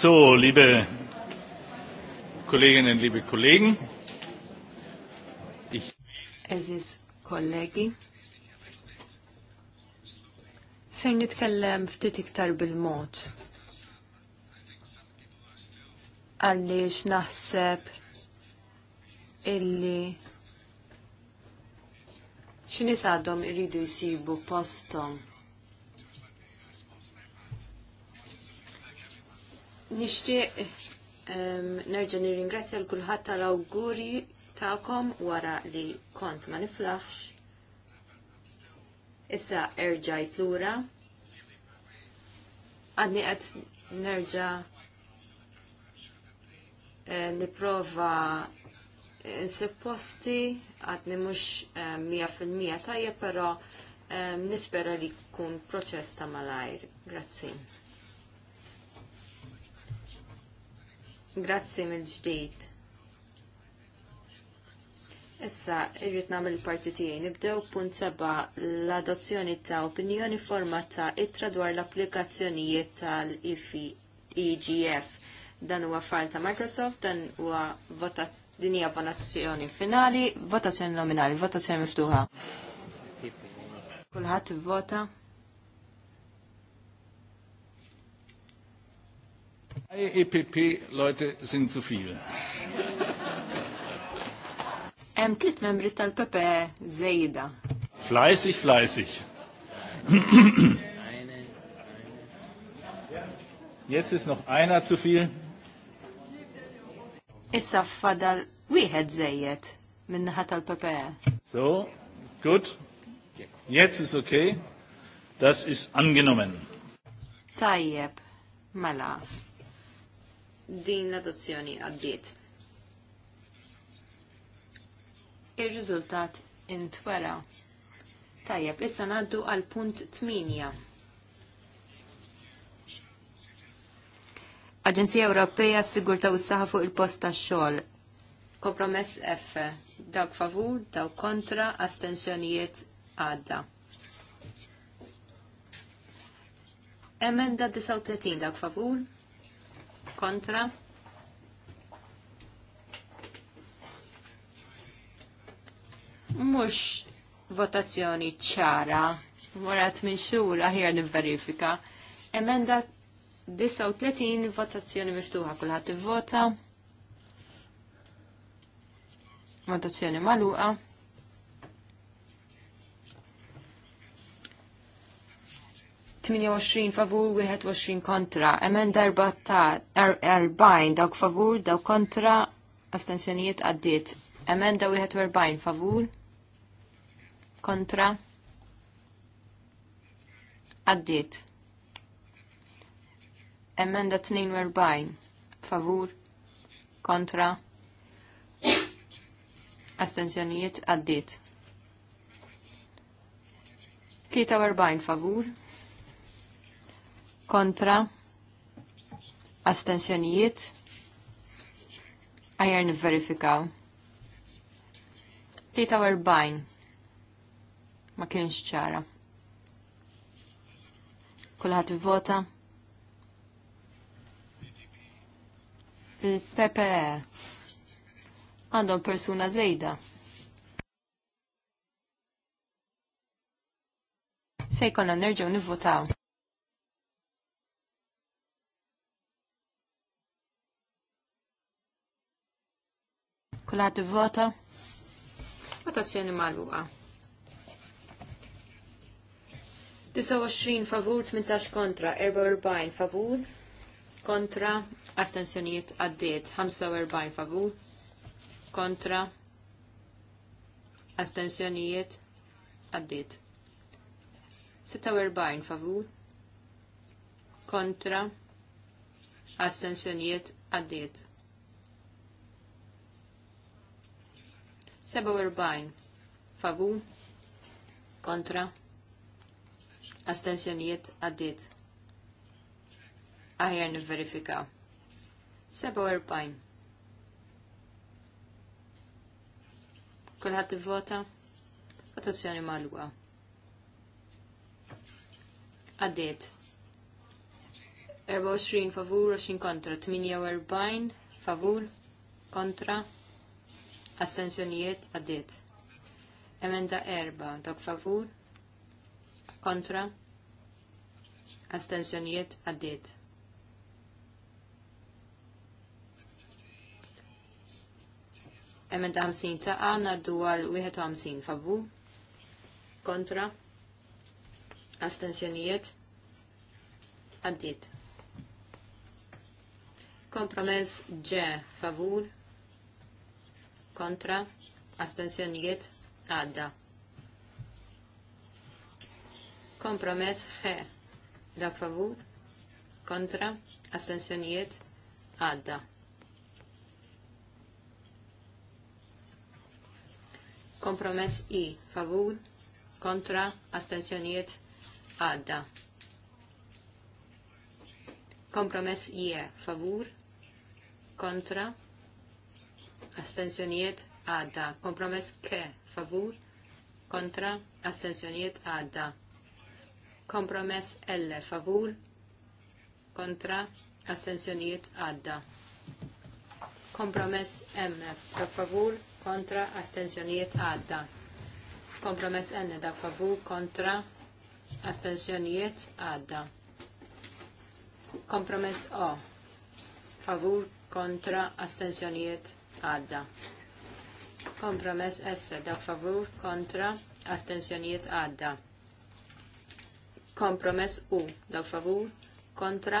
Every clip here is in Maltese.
So, liebe Kolleginnen, liebe Kollegen, ich. Es ist kollegi. Ser nitkellem ftit iktar bil-mod. Għaliex naħseb illi x'nies għadhom iridu jsibu postom. Nixtieq nerġa ehm, nerġa' nirringrazzja l kulħadd tal-awguri tagħkom wara li kont ma niflaħx. Issa erġajt lura. Għadni qed nerġa' niprofa eh, nipprova eh, nsib għadni mhux 100% eh, tajjeb, però nispera li kun proċess ta' malajr. Grazzi. Grazzi mill-ġdid. Issa, irrit namil il-parti tiegħi nibdew punt seba' l-adozzjoni ta' opinjoni formata itra dwar l-applikazzjonijiet tal-IFI EGF. Dan huwa file ta' Microsoft, dan huwa votat dinija votazzjoni finali, votazzjoni nominali, votazzjoni miftuħa. Kulħadd ivvota. EPP, e Leute, sind zu viel. Hemm tliet membri tal-Pepe żejda. Fleißig, fleißig. Jetzt ist noch einer zu viel. Issa fadal wieħed żejjed minnaħa tal-PPE. So, gut. Jetzt ist okay. Das ist angenommen. Tajjeb, mela din l-adozzjoni għaddiet. Ir-riżultat intwera. Tajjeb, issa ngħaddu għal punt 8. Aġenzija Ewropea s-Sigurta u s-Saħħa fuq il-post tax-xogħol. Kompromess F. Dawk favur, dawk kontra, astensjonijiet għadda. Emenda 39 dawk favur, kontra. Mux votazzjoni ċara, morat minn xura aħjar nivverifika. Emenda 39 votazzjoni miftuħa kulħadd vota. Votazzjoni maluqa. 28 favur, 21 kontra. Emenda 40 er, dawk favur, dawk kontra, astensjonijiet Emen Emenda 41 favur, kontra, Emen Emenda 42 favur, kontra, astensjonijiet Kita 43 favur, kontra astensjonijiet għajer Tita 43 ma kienx ċara. Kulħat vota. Il-PPE għandhom persuna zejda. Se jkollna nerġgħu nivvotaw. Kulħadd vota. Votazzjoni marruqa. 29 favur, 18 kontra, 44 favur, kontra, astensjonijiet għaddiet, 45 favur, kontra, astensjonijiet għaddiet. 46 favur, kontra, astensjonijiet għaddiet. 47 favu kontra astensjonijiet għaddit aħjar nivverifika 47 t-vota, votazzjoni malwa. Għaddit. 24 favur 20 kontra 48 favur kontra astensjonijiet għaddiet. Emenda erba, dok favur, kontra, astensjonijiet għaddiet. Emenda 50 ta' għana dual 51 favur, kontra, astensjonijiet għaddiet. Kompromess ġe favur, kontra, astensjonijiet għadda. Kompromess ħe, da favur, kontra, astensjonijiet għadda. Kompromess i, favur, kontra, astensjonijiet għadda. Kompromess je, favur, kontra, astensjonijiet għadda. Kompromess K favur kontra astensjonijiet għadda. Kompromess L favur kontra astensjonijiet għadda. Kompromess M da favur kontra astensjonijiet għadda. Kompromess N da favur kontra astensjonijiet għadda. Kompromess O favur kontra astensjonijiet għadda għadda. Kompromess essa da' favur kontra astensjonijiet għadda. Kompromess u da favur kontra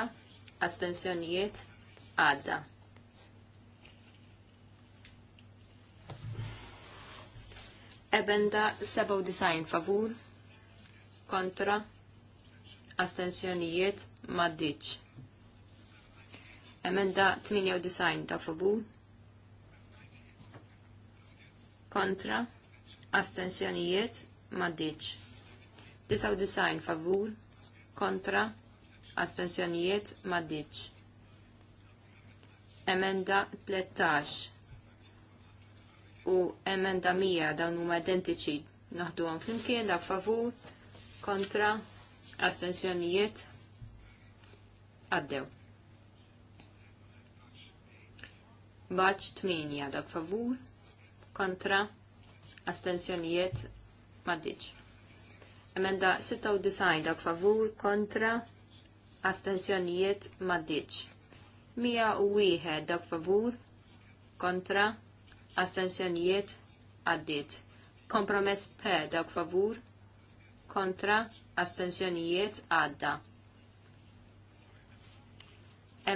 astensjonijiet għadda. Ebenda 97 favur kontra astensjonijiet maddiċ. Emenda 98 ta' favur kontra, astensjonijiet, maddiċ. 99 favur, kontra, astensjonijiet, maddiċ. Emenda 13 u emenda 100 dawn huma identiċi naħdu għan flimkien dak favur, kontra, astensjonijiet, għaddew. Baċ 8 dak favur, kontra astensjonijiet maddiċ. Emenda 96 dak favur kontra astensjonijiet maddiċ. 101 dak favur kontra astensjonijiet għaddit. Kompromess P dak favur kontra astensjonijiet għadda.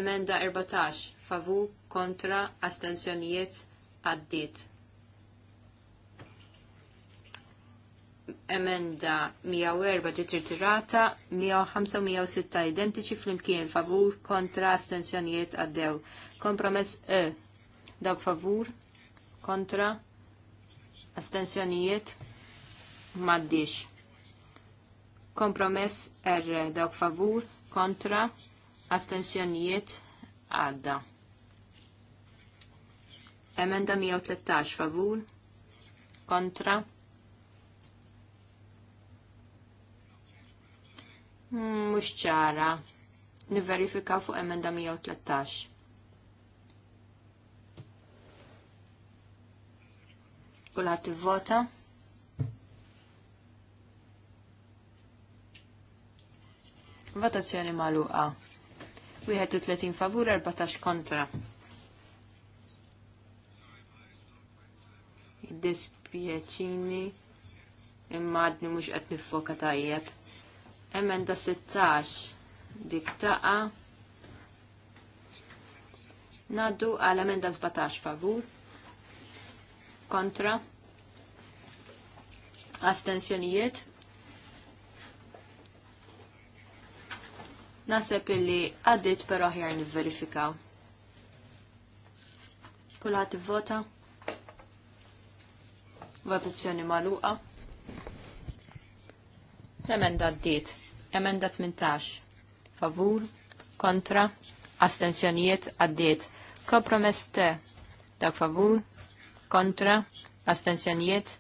Emenda 14 favur kontra astensjonijiet għaddit. emenda 104 ġiet ritirata 105 u 106 identiċi flimkien favur kontra astensjonijiet għaddew. Kompromess E. Dawk favur kontra astensjonijiet maddix. Kompromess R. Dawk favur kontra astensjonijiet għadda. Emenda 113 favur kontra Mhux ċara. Niverifika fuq emenda 113. Kulħadd vota. Votazzjoni magħluqa. 31 favur, 14 kontra. Dispieċini. imma għadni mhux qed nifoka tajjeb. Emenda 16 dik taqa. Naddu għal emenda 17 favur. Kontra. Astenzjonijiet. Naseb illi għaddit per oħjar nivverifikaw. Kulħat vota. Votazzjoni maluqa. L-emenda d-diet. Emenda 18. Favur, kontra, astensjonijiet għaddiet. Kompromess te. Dak favur, kontra, astensjonijiet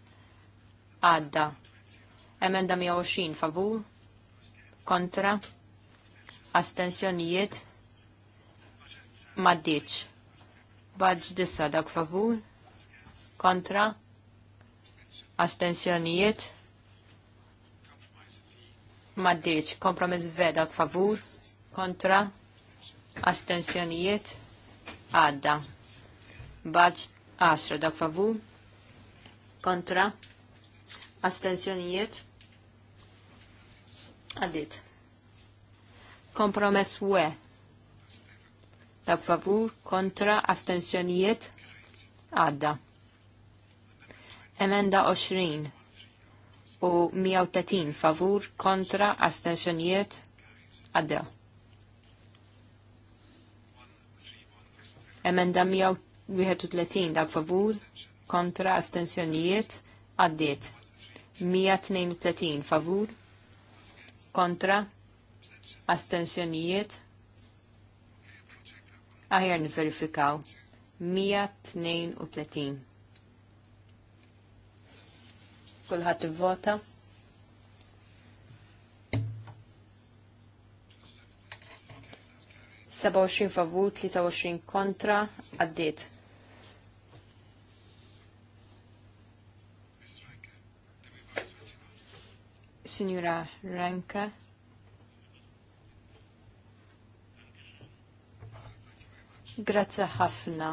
għadda. Emenda 120 favur, kontra, astensjonijiet maddiċ. Baġ dissa dak favur, kontra, astensjonijiet maddiċ kompromess veda favur kontra astensjonijiet għadda Baċ 10 dak favur kontra astensjonijiet għaddit kompromess we dak favur kontra astensjonijiet għadda emenda 20 u 130 favur kontra astensjonijiet għaddew. Emenda 131 dak favur kontra astensjonijiet għaddiet. 132 favur kontra astensjonijiet aħjar niverifikaw 132. Kulħadd ivvota. Seba' li favur, 23 kontra, għaddit. Signora Ranka. Grazie ħafna.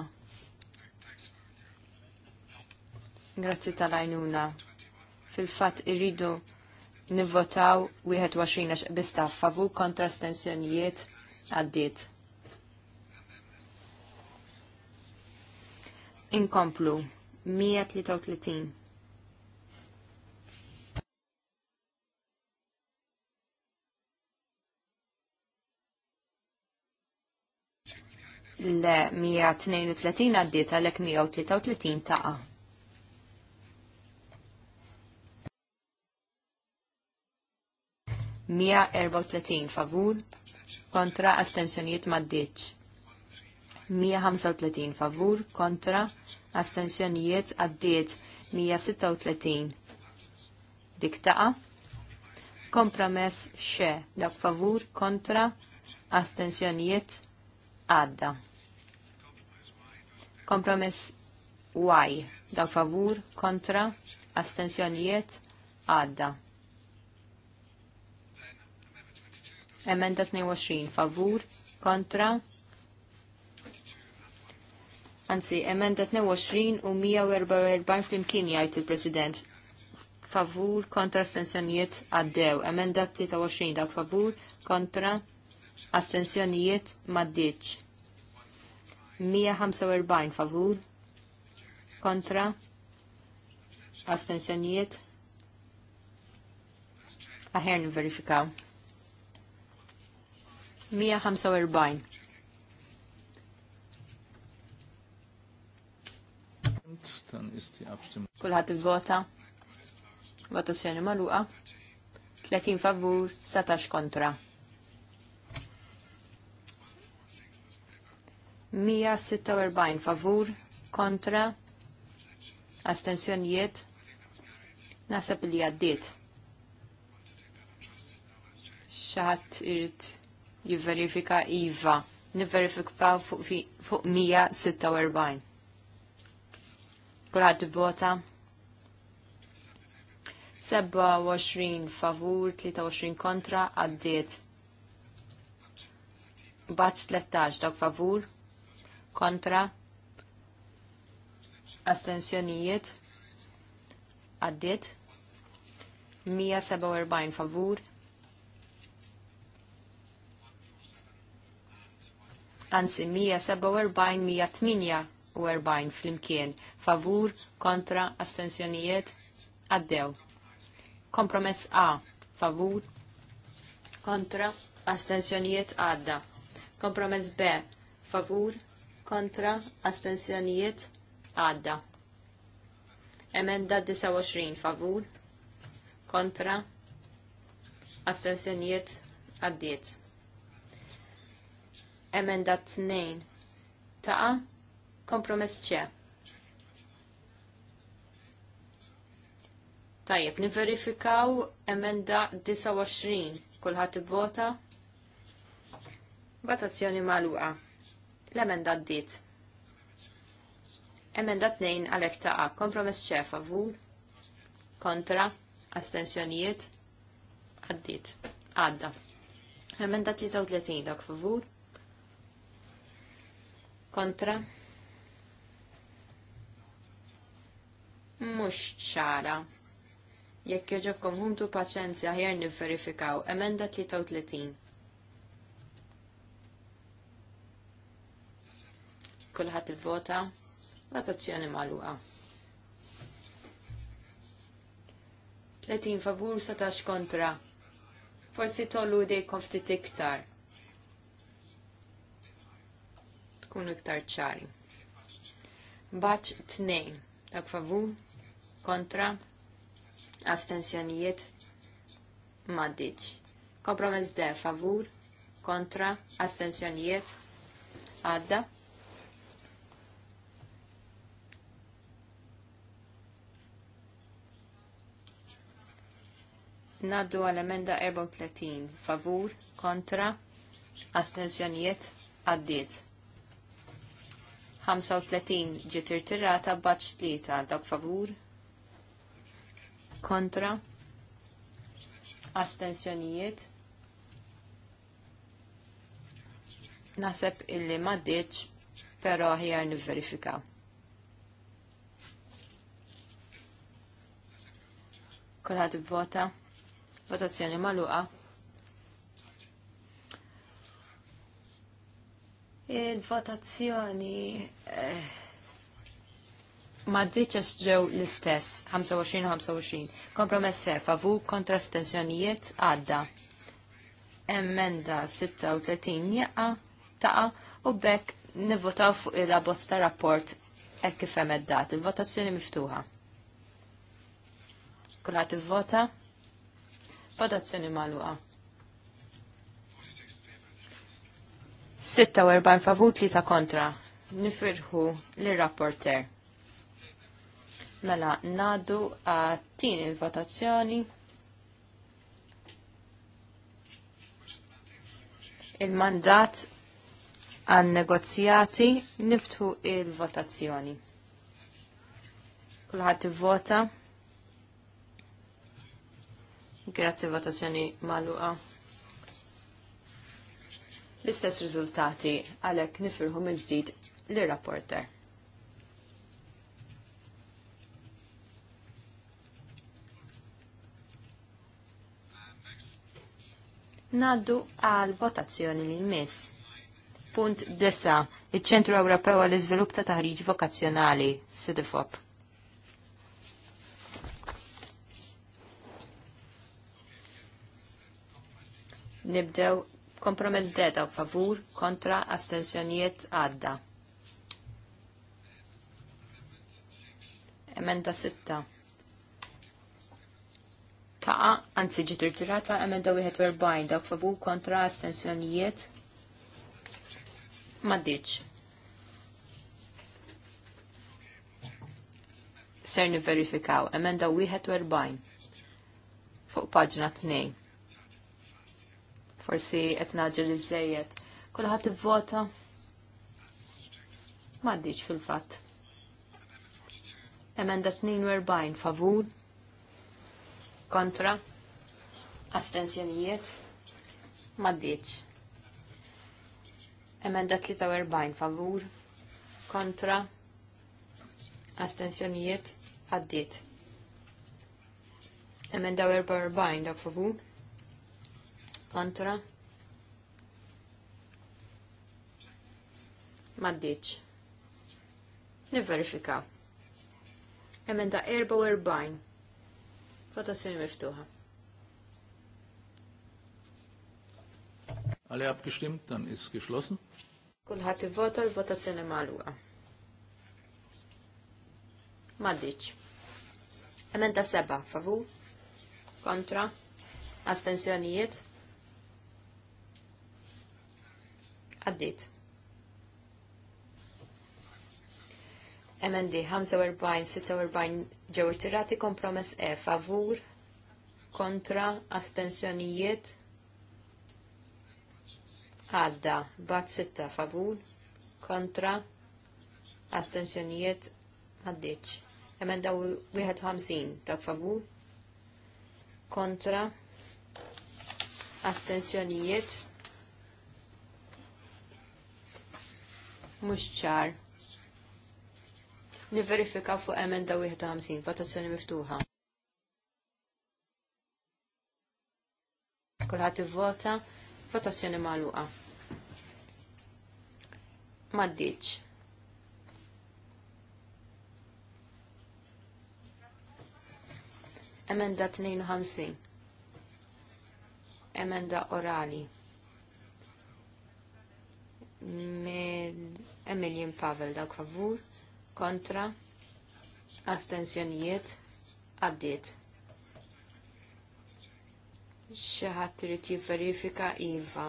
Grazie tal ajnuna fil-fatt irridu nivvotaw 21 għax bista favur kontra stenzjonijiet għaddiet. Inkomplu 133. Le 132 għaddiet għalek 133 taqa. 134 favur kontra astensjoniet maddiċ. 135 favur kontra astensjonijiet għaddiet 136. diktaqa. Kompromess xe dak favur kontra astensjonijiet għadda. Kompromess Y dak favur kontra astensjonijiet għadda. Emenda 22 favur kontra. Anzi, emenda 22 u 144 flimkien jgħid il-President. Favur kontra astensjonijiet għaddew. Emenda 23 dak favur kontra astensjonijiet maddiċ. 145 favur kontra astensjonijiet aħer verifikaw. 145. Kulħat vota. Votazzjoni maluqa. 30 favur, 17 kontra. 146 favur, kontra, astensjonijiet, nasab li għaddit. Xaħat irrit jivverifika IVA. Nivverifika fuq 146. Kulħadd vota. 27 favur, 23 kontra, għaddiet. Baċ 13 dak favur, kontra, astensjonijiet, għaddiet. 147 favur, anzi 147-148 fl-imkien, favur, kontra, astensjonijiet, għaddew. Kompromess A, favur, kontra, astensjonijiet għadda. Kompromess B, favur, kontra, astensjonijiet għadda. Emenda 29, favur, kontra, astensjonijiet għaddiet. Emenda 2. Taqa. Kompromess ċe. Tajjeb, niverifikaw emenda 29. Kulħat vota. Votazzjoni maluqa. L-emenda d-dit. Emenda 2 għalek taqa. Kompromess ċe favur. Kontra. Astensjonijiet. Għaddit. Għadda. Emenda 33 dak favur kontra mhux ċara. Jekk joġobkom ħuntu paċenzja ħjar nivverifikaw emenda 33. Kulħadd ivvota votazzjoni magħluqa. 30 favur satax kontra. Forsi tollu dejkom ftit iktar. tkun iktar ċari. Baċ tnejn, Tak favur, kontra, astensjonijiet, maddiċ. Kompromess de favur, kontra, astensjonijiet, għadda. Naddu għal-emenda 34, favur, kontra, astensjonijiet, għaddiet. 35 ġiet irtirata b'baċ tlieta dak favur kontra astensjonijiet Naseb illi maddiċ, pero ħjar nivverifikaw. Kulħadd vota. Votazzjoni maluqa. Il-votazzjoni eh, ma diċes ġew l-istess, 25-25. Kompromess E, favu kontra stenzjonijiet għadda. Emenda 36 jaqa taqa u bekk nivvotaw fuq il-abbozz ta' rapport hekk kif emeddat. Il-votazzjoni miftuħa. Kulħadd ivvota. Votazzjoni magħluqa. 46 li ta' kontra. Nifirħu l-rapporter. Mela, nadu għattini votazzjoni. Il-mandat għan negozjati niftu il-votazzjoni. Kulħat vota. Grazie votazzjoni maluqa l-istess riżultati għalhekk nifirħu mill-ġdid lir-rapporter. Naddu għal votazzjoni li mis. Punt desa, il-ċentru Ewropew għal iżvilupp ta' taħriġ vokazzjonali, SIDIFOP. Nibdew Kompromess D u favur kontra astensjonijiet għadda. Emenda 6. Taqa, anzi ġiet tirata emenda 41 dawk favur kontra astensjonijiet maddiċ. Ser niverifikaw emenda 41 fuq paġna 2 forsi qed naġel iżejjed. Kulħadd ivvota m'għaddix fil-fatt. Emenda 42 favur kontra astensjonijiet m'għaddix. Emenda 43 favur kontra astensjonijiet għaddiet. Emenda 44 dak favur kontra maddiċ Niverifika. Emenda Fata Votazzjoni miftuħa. Alle abgestimmt, dann ist geschlossen. ħati vota l-votazzjoni Maddiċ. Emen Emenda seba' Favu? kontra, astensjonijiet, Għaddit. MND 45-46 ġew irtirati kompromess E favur kontra astensjonijiet għadda bat 6 favur kontra astensjonijiet għaddiċ. Emenda 51 ta' favur kontra astensjonijiet mhux ċar. Niverifika fuq emenda 51, votazzjoni miftuħa. Kulħadd ivvota, votazzjoni magħluqa. Maddiċ. Emenda 52. Emenda orali. Mill Emilien Pavel dawk favur kontra astensjonijiet għaddiet. Xaħat trid verifika Iva.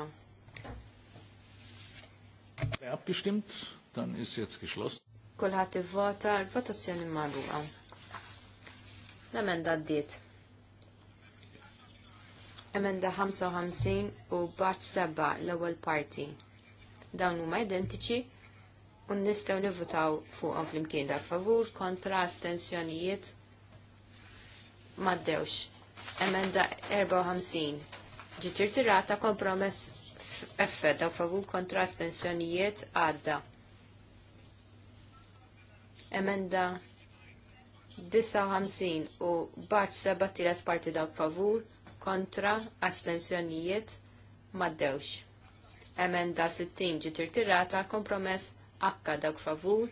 Abgestimmt, dan is jetzt geschlossen. Kulħadd ivvota l-votazzjoni magħluqa. L-emenda għaddiet. Emenda 55 u Bart 7 l-ewwel parti. Dawn huma identiċi un nistaw nivutaw fuqhom flimkien dak favur kontra astensjonijiet maddewx. Emenda 54 ġiet irtirata kompromess effed dak favur kontra astensjonijiet għadda. Emenda 59 u baċ seba tielet parti dak favur kontra astensjonijiet maddewx. Emenda 60 ġiet irtirata kompromess akka dawk favur,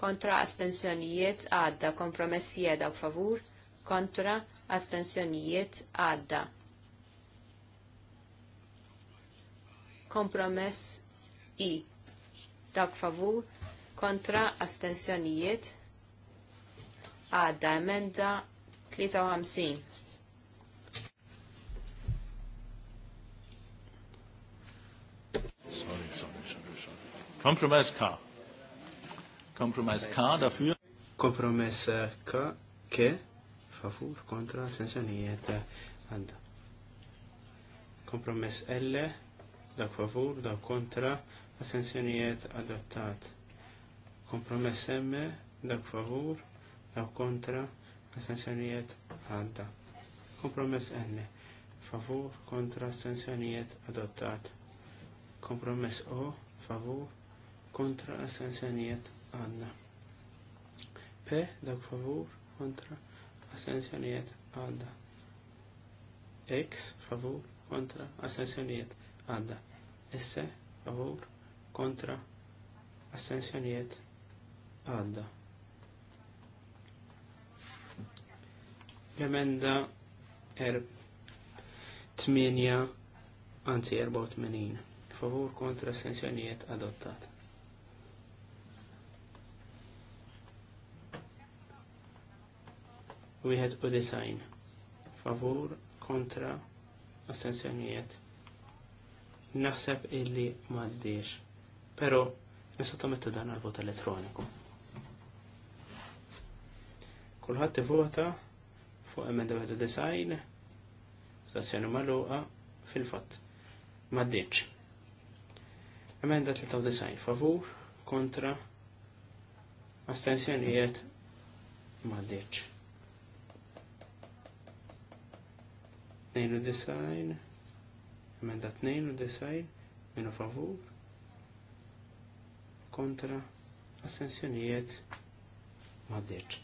kontra astensjonijiet għadda, kompromessija e, dawk favur, kontra astensjonijiet għadda. Kompromess i dawk favur, kontra astensjonijiet għadda, emenda 53 Kompromess K. Kompromess K dafür. Kompromess eh, K, ke, favur, kontra, sensjonijiet, eh, għanda. Kompromess L, dak favur, da kontra, assenzjonijiet adattat. Kompromess M, dak favur, da kontra, assenzjonijiet għanda. Kompromess N, favur, kontra, assenzjonijiet adottat. Kompromess O, favur, kontra assenzjonijiet għanna. P dawk favur kontra assenzjonijiet għanna. X favur kontra assenzjonijiet għanna. S favur kontra assenzjonijiet għadda. L-emenda 8 anzi 84 favur kontra assenzjonijiet adottat. wieħed u design. Favur, kontra, astensjonijiet. Naħseb illi maddiex. Pero, nisottomettu dan għal vot elettroniku. Kulħadd ivota fuq emenda wieħed u design, stazzjoni maluqa fil-fatt. Maddiex. Emenda 93 favur, kontra, astensjonijiet maddiex. 92, emenda 92, minu favur, kontra, astensjonijiet, maddirċ.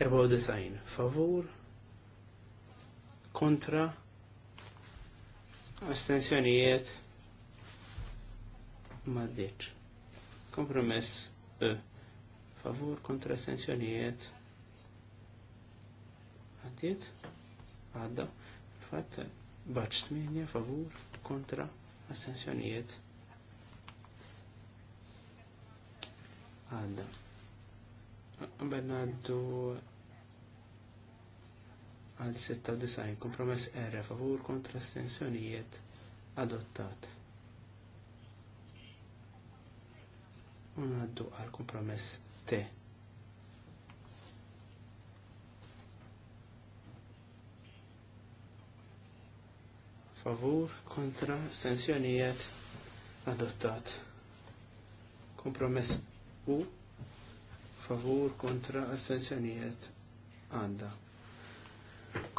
94, favur, kontra, astensjonijiet, Maddeċ. Kompromess, e, favur, kontra, astensjonijiet, Maddeċ għadda fatt baċt minja favur kontra astensjonijiet għadda Bernardu għal 96 kompromess R favur kontra astensjonijiet adottat Un għaddu għal kompromess te favur kontra astensjonijiet adottat. Kompromess u favur kontra astensjonijiet għanda.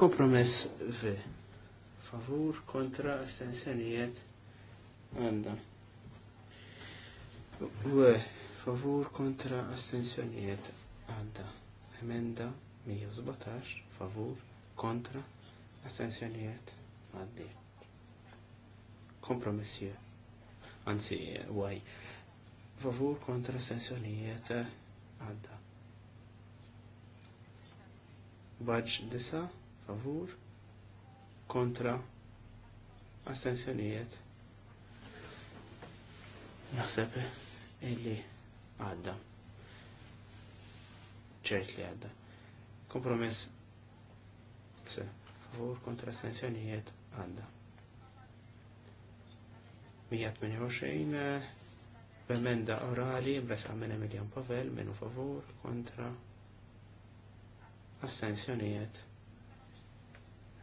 Kompromess v. Favur kontra astensjonijiet għanda. U favur kontra astensjonijiet għanda. Emenda 117 favur kontra astensjonijiet għaddiet. Kompromissi. Anzi, għaj, Favur kontra sessjonijiet eh, għadda. Baġ disa, favur, kontra astensjonijiet. Naħseb illi għadda. ċert li għadda. Kompromess favur kontra astensjonijiet għadda. 128 eh, b'emenda orali mresa minn Emilian Pavel minnu favur kontra astensjonijiet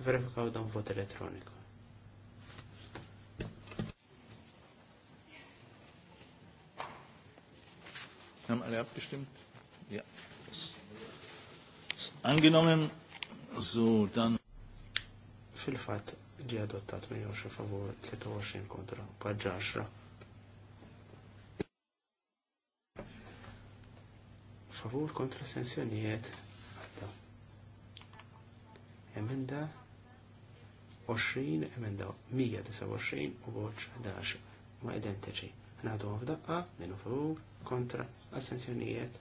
verifikaw dan vot elettroniku. Nam alle abgestimmt? Ja. Angenommen. So, dann fil-fat ġi adottat 120 favur 26 kontra paġġa 10. Favur kontra sensjonijiet għadda. Emenda 20, emenda 129 u boċ 11 ma identiċi. Nħadu għafdaqqa, minu favur kontra assenzjonijiet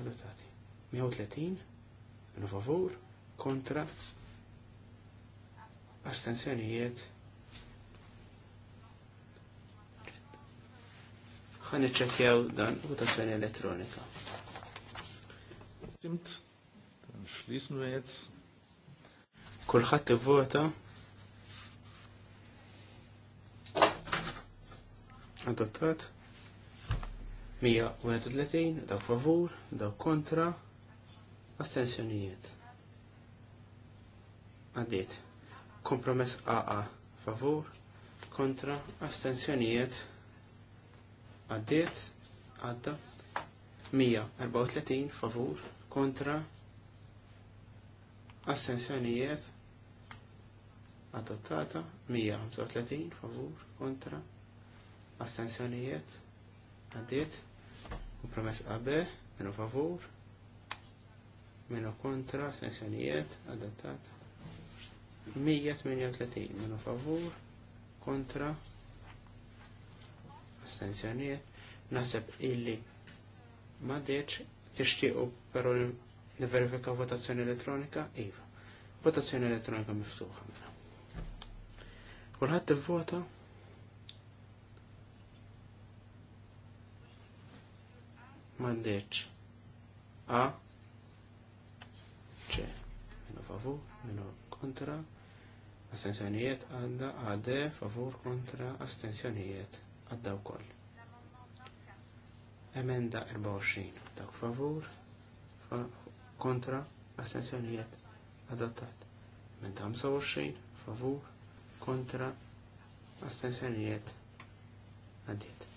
adottati. 130 minu favor, kontra astensjonijiet ħan iċċekjaw dan votazzjoni elettronika. Simt, xlisnu jedz. Kulħadd ivvota. Adottat. 131 daw favur, daw kontra, astensjonijiet għaddit. Kompromess AA favur kontra astensjonijiet għaddit, għadda 134 favur kontra astensjonijiet adottata 135 favur kontra astensjonijiet għaddit, kompromess AB minu favur minu kontra astensjonijiet adottata 138 minu favur kontra astenzjoniet nasib illi ma deċ tixtiequ però niverifika votazzjoni elettronika iva votazzjoni elettronika miftuħa minna kulħadd vota ma deċ a C minu favur minu kontra Astenzjonijiet għadda għadde favur kontra astenzjonijiet għadda u koll. Emenda 24. Dak favur fa kontra astenzjonijiet adottat. Emenda 25. Favur kontra astenzjonijiet għaddit.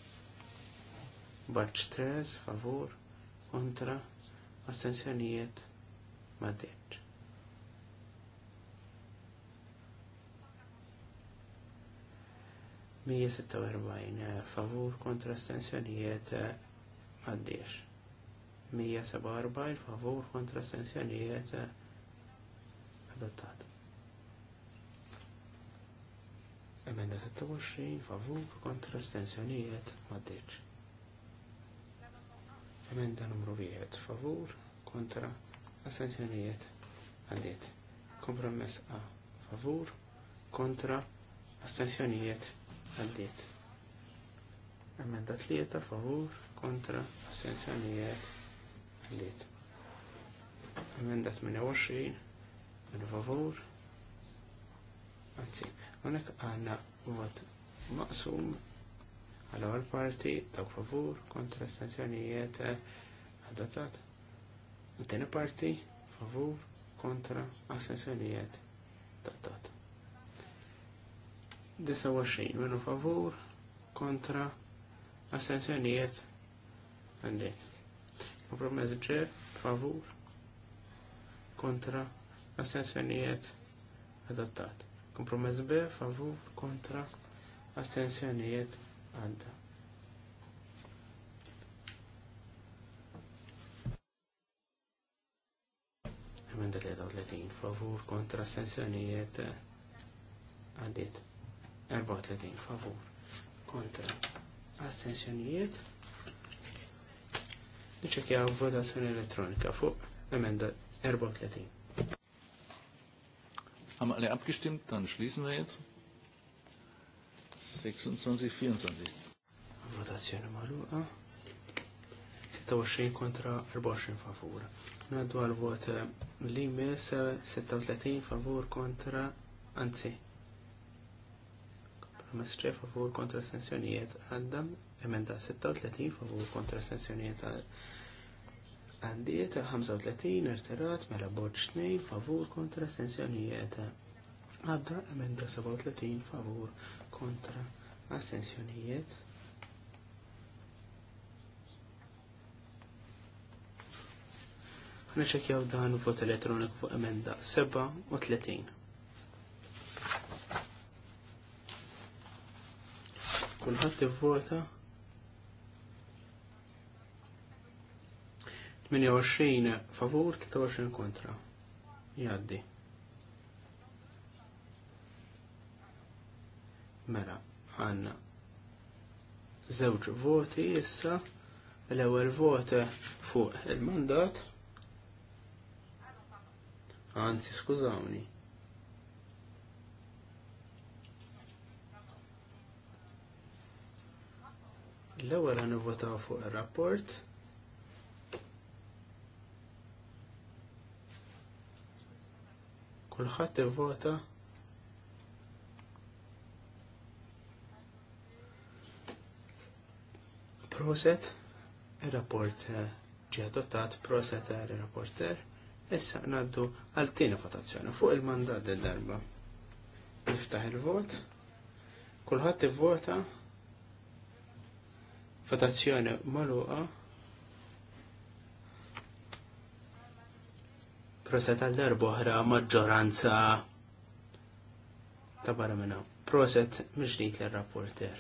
Barċ 3. Favur kontra astenzjonijiet maddeċ. 146 eh, favur kontra stensjonijiet eh, għaddiex. 147 favur kontra stensjonijiet eh, adottat. Emenda 26 favur kontra stensjonijiet għaddiex. Emenda numru 1 favur kontra astensjonijiet għaddiex. Kompromess A favur kontra astensjonijiet għaddiet. Emenda tlieta favur kontra assenzjonijiet għaddiet. Emenda 28 minn favur. Anzi, unek għanna vot maqsum għal għal parti dawk favur kontra assenzjonijiet adottat. Tieni parti favur kontra assenzjonijiet adottat. 29 minu favur kontra assenzjonijiet għandiet. Kompromess ġe favur kontra assenzjonijiet adottat. Kompromess B favur kontra astensjonijiet għadda. Emenda 33 favur kontra astensjonijiet għaddiet. 34 favur kontra astensjonijiet. Niċċekjaw votazzjoni elettronika fuq emenda 34. Haben alle abgestimmt, dann schließen wir jetzt. 26, 24. Votazzjoni marruqa. 26 kontra 24 favur. Naddu għal-vot li mis 36 favur kontra, anzi, 15 favur kontra sensjonijiet għadda, emenda 36 favur kontra sensjonijiet għaddiet, 35 irtirat mela bot 2 favur kontra sensjonijiet għadda, emenda 37 favur kontra astensjonijiet. Mela Għanna ċekjaw dan vot elettronik fuq emenda 37. Kulħadd ivvota. 28 favur, 23 kontra. Jaddi. Mela, għanna. Zewġ voti issa, l-ewwel vota fuq il-mandat. Anzi, skużawni. L-ewwel nivvotaw fuq ir-rapport. Kulħadd ivvota Proset, ir rapport eh, ġie adottat, proset eh, ir rapporter issa naddu għal tieni votazzjoni fuq il-mandat id darba Niftaħ il-vot, kullħat il-vota, il vot Kulħadd ivvota. vota Votazzjoni maluqa. Proset għal darba oħra maġġoranza ta' barra minna. Proset mġdijt l-rapporter.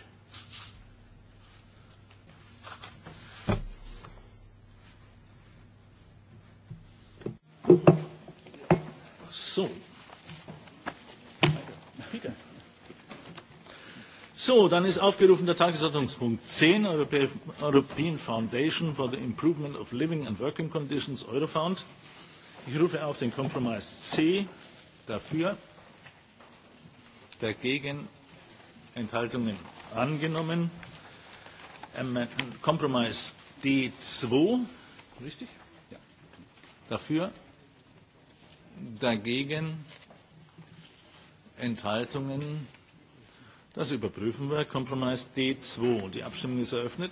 Soon. So, dann ist aufgerufen der Tagesordnungspunkt 10, European Foundation for the Improvement of Living and Working Conditions, Eurofound. Ich rufe auf den Kompromiss C dafür, dagegen Enthaltungen angenommen. Kompromiss D2, richtig? Ja. Dafür, dagegen Enthaltungen angenommen Das überprüfen wir. Kompromiss D2. Die Abstimmung ist eröffnet.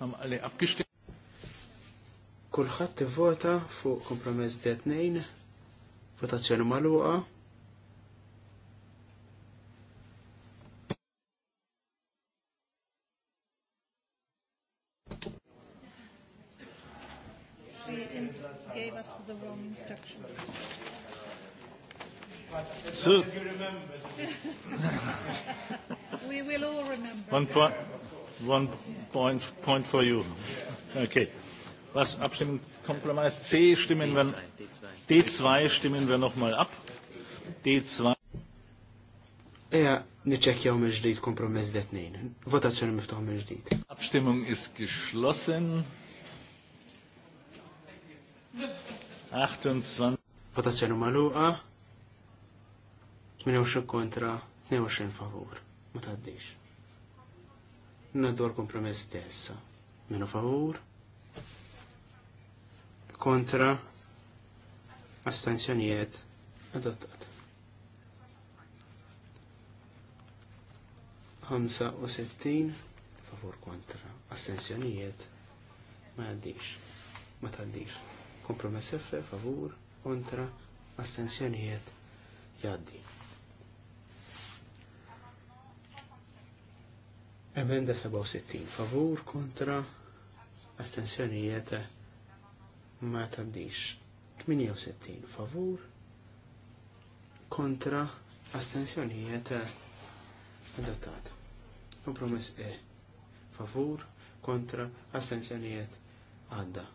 Haben alle abgestimmt? Kulħadd vota fuq kompromess D2. Votazzjoni magħluqa. One point, one point, point for you. Okay. Was Abstimmung Kompromiss C stimmen wir D2 stimmen wir nochmal ab. D2. Eja, niċċekkjaw mill-ġdid kompromess detnejn. Votazzjoni miftuħ mill-ġdid. Abstimmung ist geschlossen. 28. Votazzjoni maluqa. 28 kontra, 22 favur. Ma taddix. Nadwar kompromess dessa. Minu favur. Kontra. Astenzjonijiet. Adottat. 65 favur kontra. Astenzjonijiet. Ma għaddix. Ma taddix. Kompromess F favur kontra. Astenzjonijiet. Jaddi. Emenda 67 favur kontra astensjonijiet ma tabdix. 68 favur kontra astensjonijiet adottata. Kompromess E. Favur kontra astensjonijiet għadda.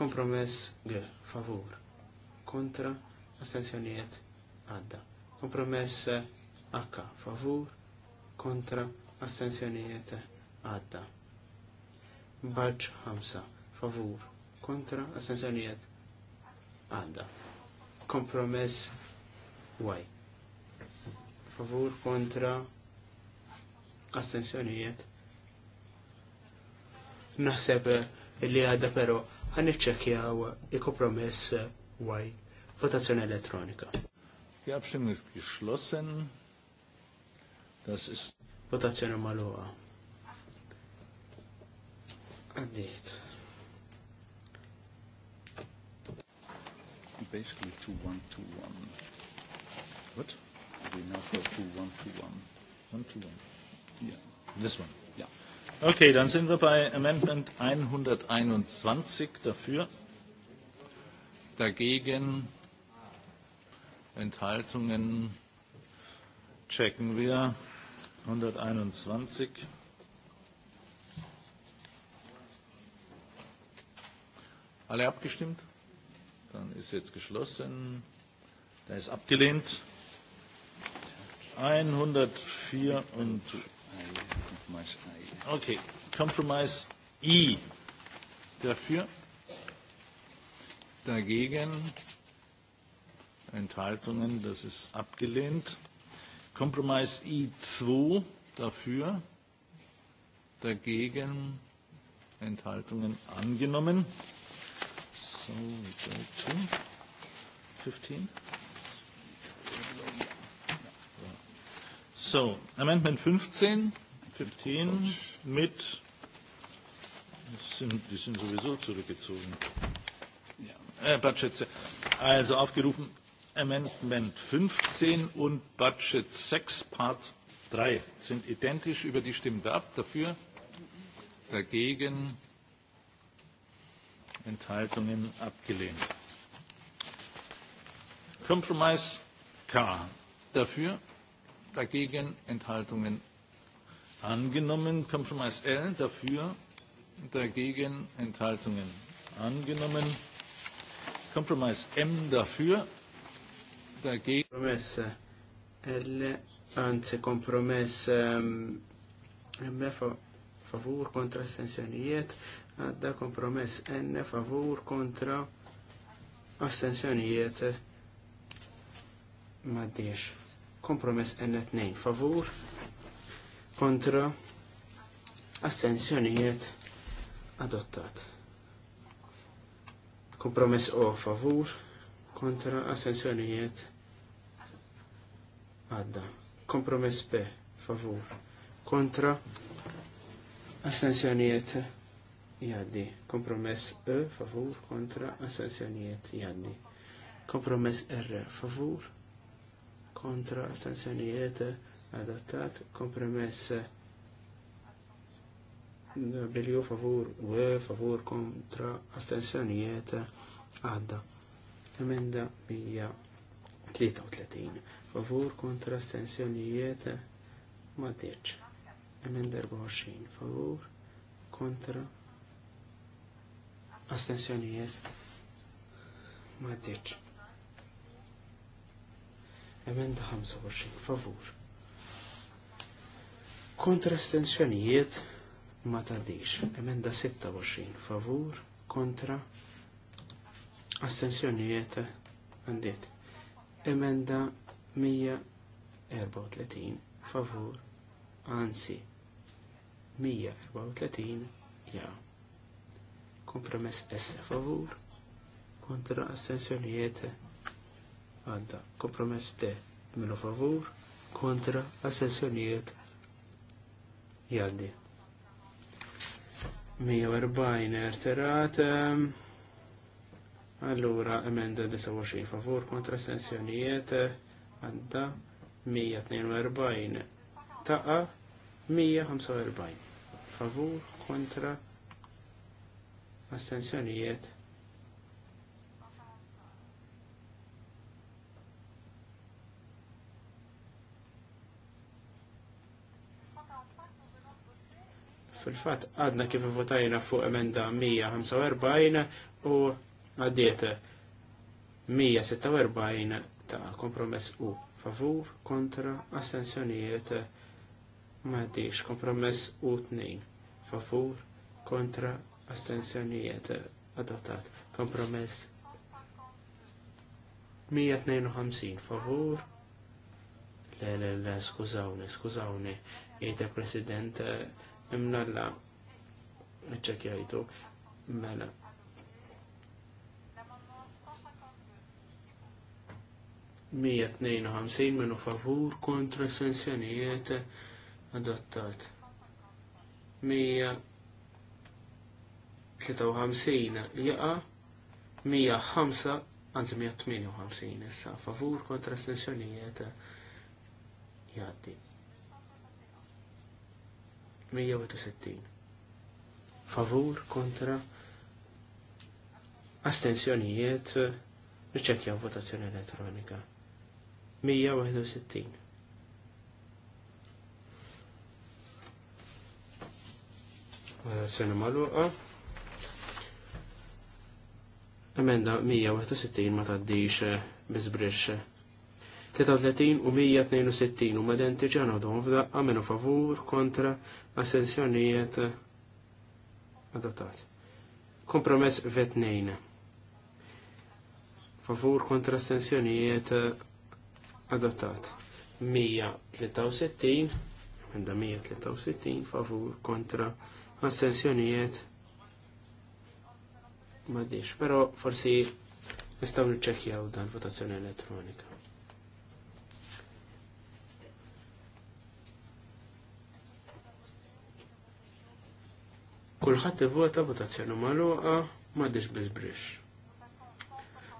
Kompromess G. Favur kontra astensjonijiet għadda. Kompromess H. Favur kontra astensjonijiet astensjonijiet għadda. Baċ 5 favur kontra astensjonijiet għadda. Kompromess Y. Favur kontra astensjonijiet. Naseb li għadda pero għan iċċekjaw il-kompromess Y. Votazzjoni elettronika. Die Abstimmung ist geschlossen. Das ist votazzjoni maluqa. Għaddit. Basically 2121. What? We now go 1-2-1. Yeah. This one. Yeah. Okay, dann sind wir bei Amendment 121 dafür. Dagegen Enthaltungen checken wir. 121. Alle abgestimmt? Dann ist jetzt geschlossen. Da ist abgelehnt. 104 und Okay, Compromise I. Dafür? Dagegen? Enthaltungen? Das ist abgelehnt. Kompromiss I2 dafür, dagegen Enthaltungen angenommen. So, we go to 15. So, Amendment 15, 15 mit, sind, die sind sowieso zurückgezogen. Ja. Äh, Budget, also aufgerufen, Amendment 15 und Budget 6 Part 3 sind identisch. Über die stimmen wir ab. Dafür, dagegen, Enthaltungen abgelehnt. Compromise K. Dafür, dagegen, Enthaltungen angenommen. Compromise L. Dafür, dagegen, Enthaltungen angenommen. Compromise M. Dafür, Promess. L, anzi, kompromess. Emme favur kontra astensjonijiet. Għadda kompromess. N favur kontra astensjonijiet. Maddiex. Kompromess N2. Favur kontra astensjonijiet adottat kompromess o favur kontra adottat għadda. Kompromess B, favur. Kontra, assenzjonijiet jaddi. Kompromess E, favur. Kontra, assenzjonijiet jaddi. Kompromess R, favur. Kontra, assenzjonijiet adattat. Kompromess bilju favur, u favur kontra astensjonijiet għadda. Emenda 133 favur kontra stensjonijiet ma deċ. Emenda 24 favur kontra astensjonijiet ma deċ. Emenda 25 favur kontra astensjonijiet ma tadix. Emenda 26 favur kontra astensjonijiet għandiet. Emenda 134 favur anzi 134 ja kompromess S favur kontra assenzjonijiet għadda kompromess T minu favur kontra assenzjonijiet jaddi 140 erterat allura emenda 29 favur kontra assenzjonijiet għadda 142 taqa 145 favur kontra astensjonijiet fil-fat għadna kif votajna fuq emenda 145 u għaddiet 146 ta' kompromess u favur kontra astensjonijiet eh, maħdix kompromess u tnejn favur kontra astensjonijiet eh, adottat kompromess 152 favur le le le skużawni skużawni jgħid president eh, imnalla ċekjajtu mela 152 minu favur kontra sanzjonijiet adottat. 153 jaqa 105 għanzi 158 issa favur kontra sanzjonijiet jaddi. 160 favur kontra astensjonijiet riċekja votazzjoni elettronika. Sena mal-luqa. Emenda 161 ma taddix eh, bizbrix. 33 eh. u 162 u madenti ġana għadhom f'daqqa minu favur kontra assenzjonijiet eh, adottat. Kompromess vetnejn. Favur kontra assenzjonijiet adottat. 163, emenda 163 favur kontra astensjonijiet maddiċ, pero forsi nistaw nċekjaw dan votazzjoni elettronika. Kulħadd ivvota votazzjoni magħluqa m'għaddix biżbrix.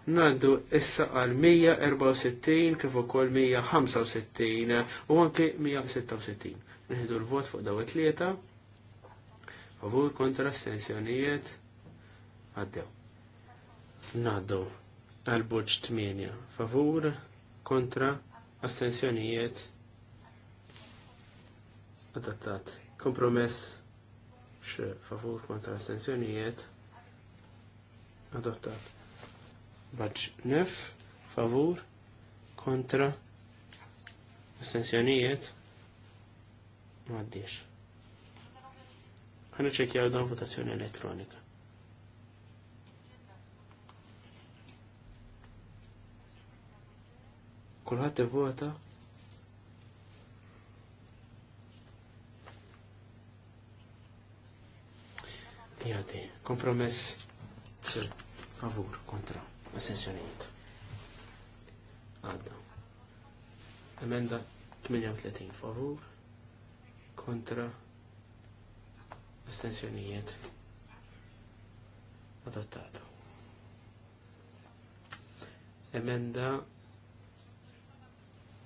Naddu issa għal 164 kif ukoll 165 u anke 166. Nħidu l-vot fuq daw it-tlieta. Favur kontra stensjonijiet. Għaddew. Naddu għal boċ 8. Favur kontra astensjonijiet. Adattat. Kompromess x favur kontra astensjonijiet. Adottat Baċ nef, favur, kontra, estensjonijiet, maddiex. Għana ċekjaw dan votazzjoni elettronika. Kulħat vota Jati, kompromess favur kontra. Assenzjonijiet. Għadda. Emenda 38 favur kontra astensjonijiet adottato. Emenda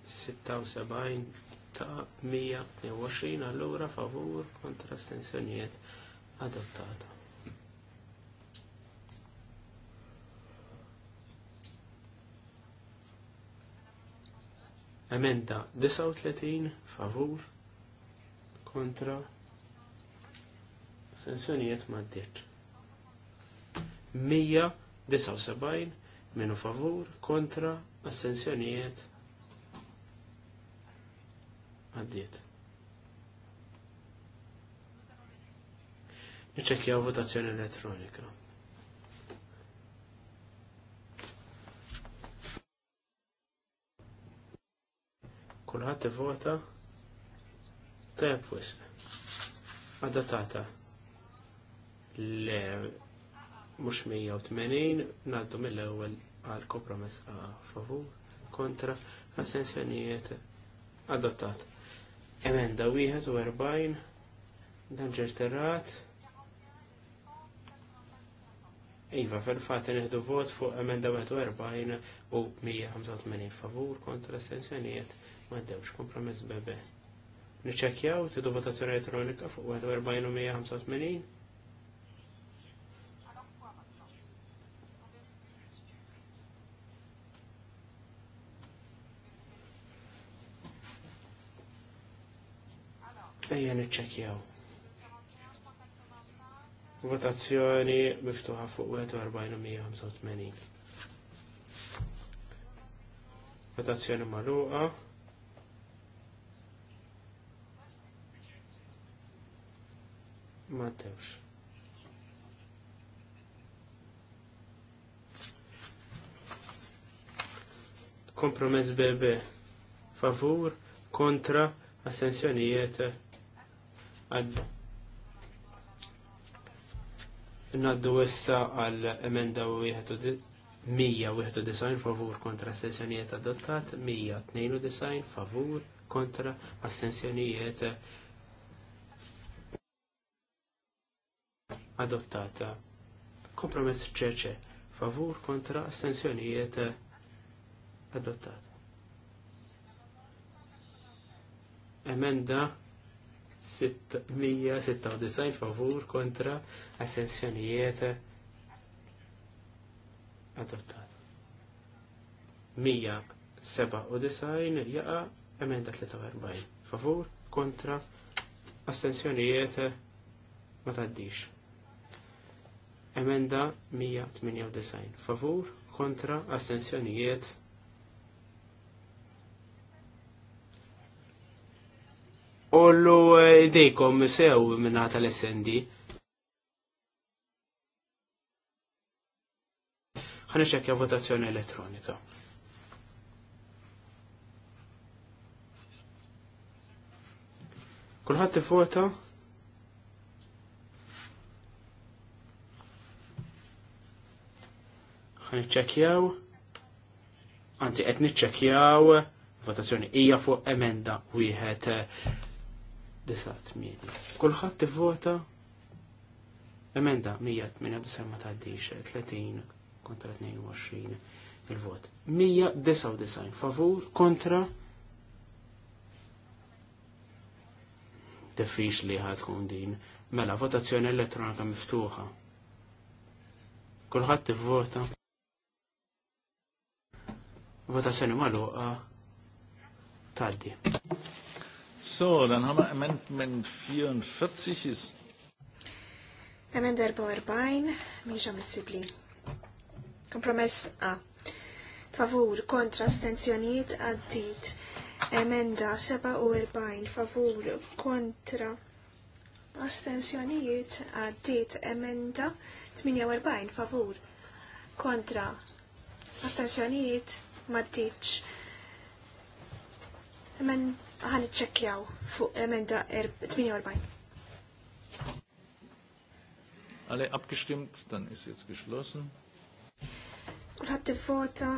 76 ta' 120 allura favur kontra astensjonijiet adottata. Emenda 39 favur kontra sensjonijiet maddiet. 179 minu favur kontra assenzjonijiet maddiet. Niċċekkjaw votazzjoni elettronika. kulħat t-vota Tajab wis. Adatata. Le mhux 180 naddu mill-ewwel għal kompromess a favur kontra assenzjonijiet adottat. Emenda wieħed u 41 dan ġerterat. Iva, fil-fat nieħdu vot fuq emenda 41 u 185 favur kontra assenzjonijiet ma Maddewx, kompromess bebe. Niċċekjaw tidu votazzjoni elettronika fuq 4185. Ejja niċċekjaw. Votazzjoni miftuħa fuq 4185. Votazzjoni magħluqa. ma Kompromess BB favur kontra assenzjonijiet għad naddu issa għal emenda 191 favur kontra assenzjonijiet adottat 192 favur kontra assenzjonijiet adottata. Kompromess ċeċe, favur kontra astensjonijiet eh, adottata. Emenda 696 favur kontra astensjonijiet eh, adottata. 197 jaqa emenda 43 favur kontra astensjonijiet eh, ma taddix. Emenda 198. Favur kontra astensjonijiet. Ollu eh, idejkom sew minna tal essendi ħan iċċekkja votazzjoni elettronika. Kulħadd vota ħan iċċekjaw, anzi qed niċċekjaw votazzjoni hija fuq emenda wieħed disa' tmien. Kulħadd tivvota? emenda 198 ma tgħaddix 30 kontra 22 il-vot. 199 favur kontra diffiċ li ħatkun din. Mela, votazzjoni elettronika miftuħa. Kulħadd tivvota? Votazzjoni maluqa tardi. So, dann haben wir Amendment 44 ist. Amend 44, miex ammissibli. Kompromess A. Favur kontra stenzjoniet għaddit. Emenda 47 favur kontra astensjonijiet għaddit. Emenda 48 favur kontra astensjonijiet ma t tiċ. Emen ħan iċċekkjaw fuq da 48. Alle abgestimmt, dan is jetzt geschlossen. Kulħat tivvota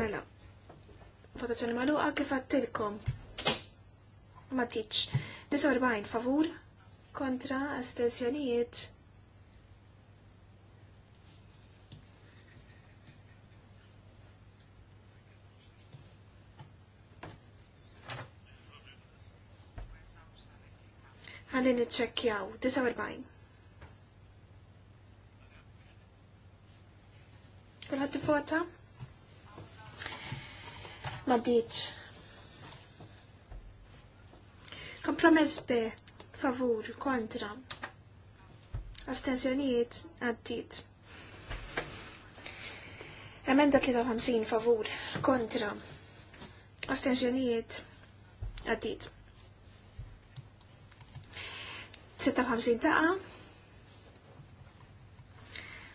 mela. Votazzjoni magħluqa kif għattilkom. Ma t tiċ. 49 favur kontra astensjonijiet Li niċċekkjaw 49. Kulħadd ivvota? Ma diċ. Kompromess B, favur, kontra. Astenzjonijiet għaddit. Emenda 53, favur, kontra. Astenzjonijiet għaddit. 56 daqqa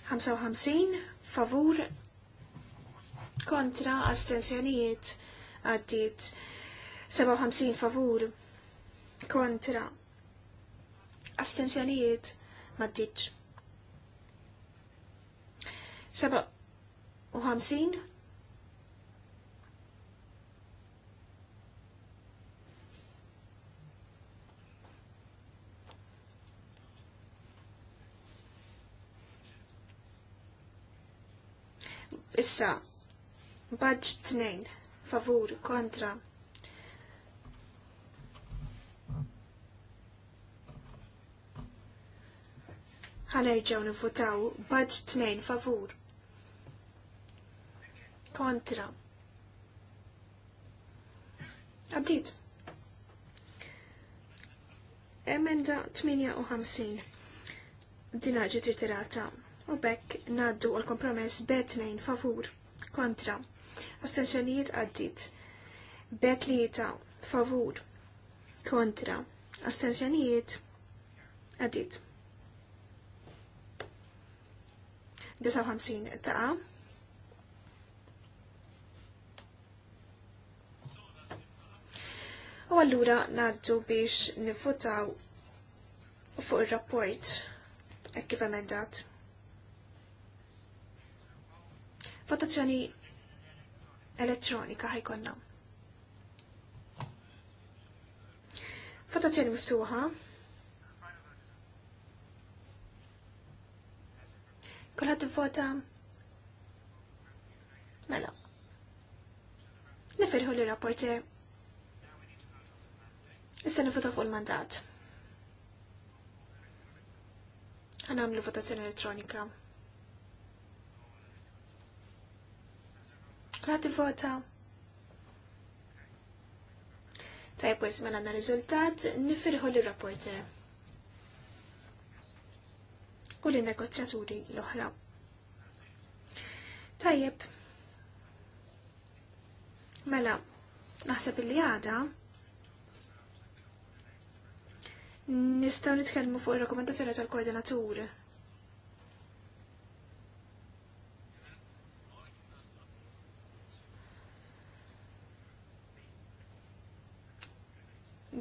55 favur kontra astensjonijiet għaddit 57 favur kontra astensjonijiet maddiċ 57 Issa, Budge 2, favur, kontra. ħanerġaw nivvotaw budge 2 favur. Kontra. Għaddit. Emenda 58. Dinaġi tirtirata u bekk naddu għal kompromess betnejn favur kontra astensjonijiet għaddit bet li jita favur kontra astensjonijiet għaddit 59 taqa U għallura naddu biex nifutaw fuq il-rapport kif emendat. Votazzjoni elettronika ħajkonna. Votazzjoni miftuħa. Kulħadd vota mela. Nifirħu li rapporti Issa nifota fuq il-mandat. l votazzjoni elettronika. Kulħadd ivota. Tajb wis mela għandna riżultat nifirħu li rapporter u li negozjaturi l-oħra. Tajjeb. Mela, naħseb li għada nistaw nitkellmu fuq ir rekomendazzjoni tal-koordinatur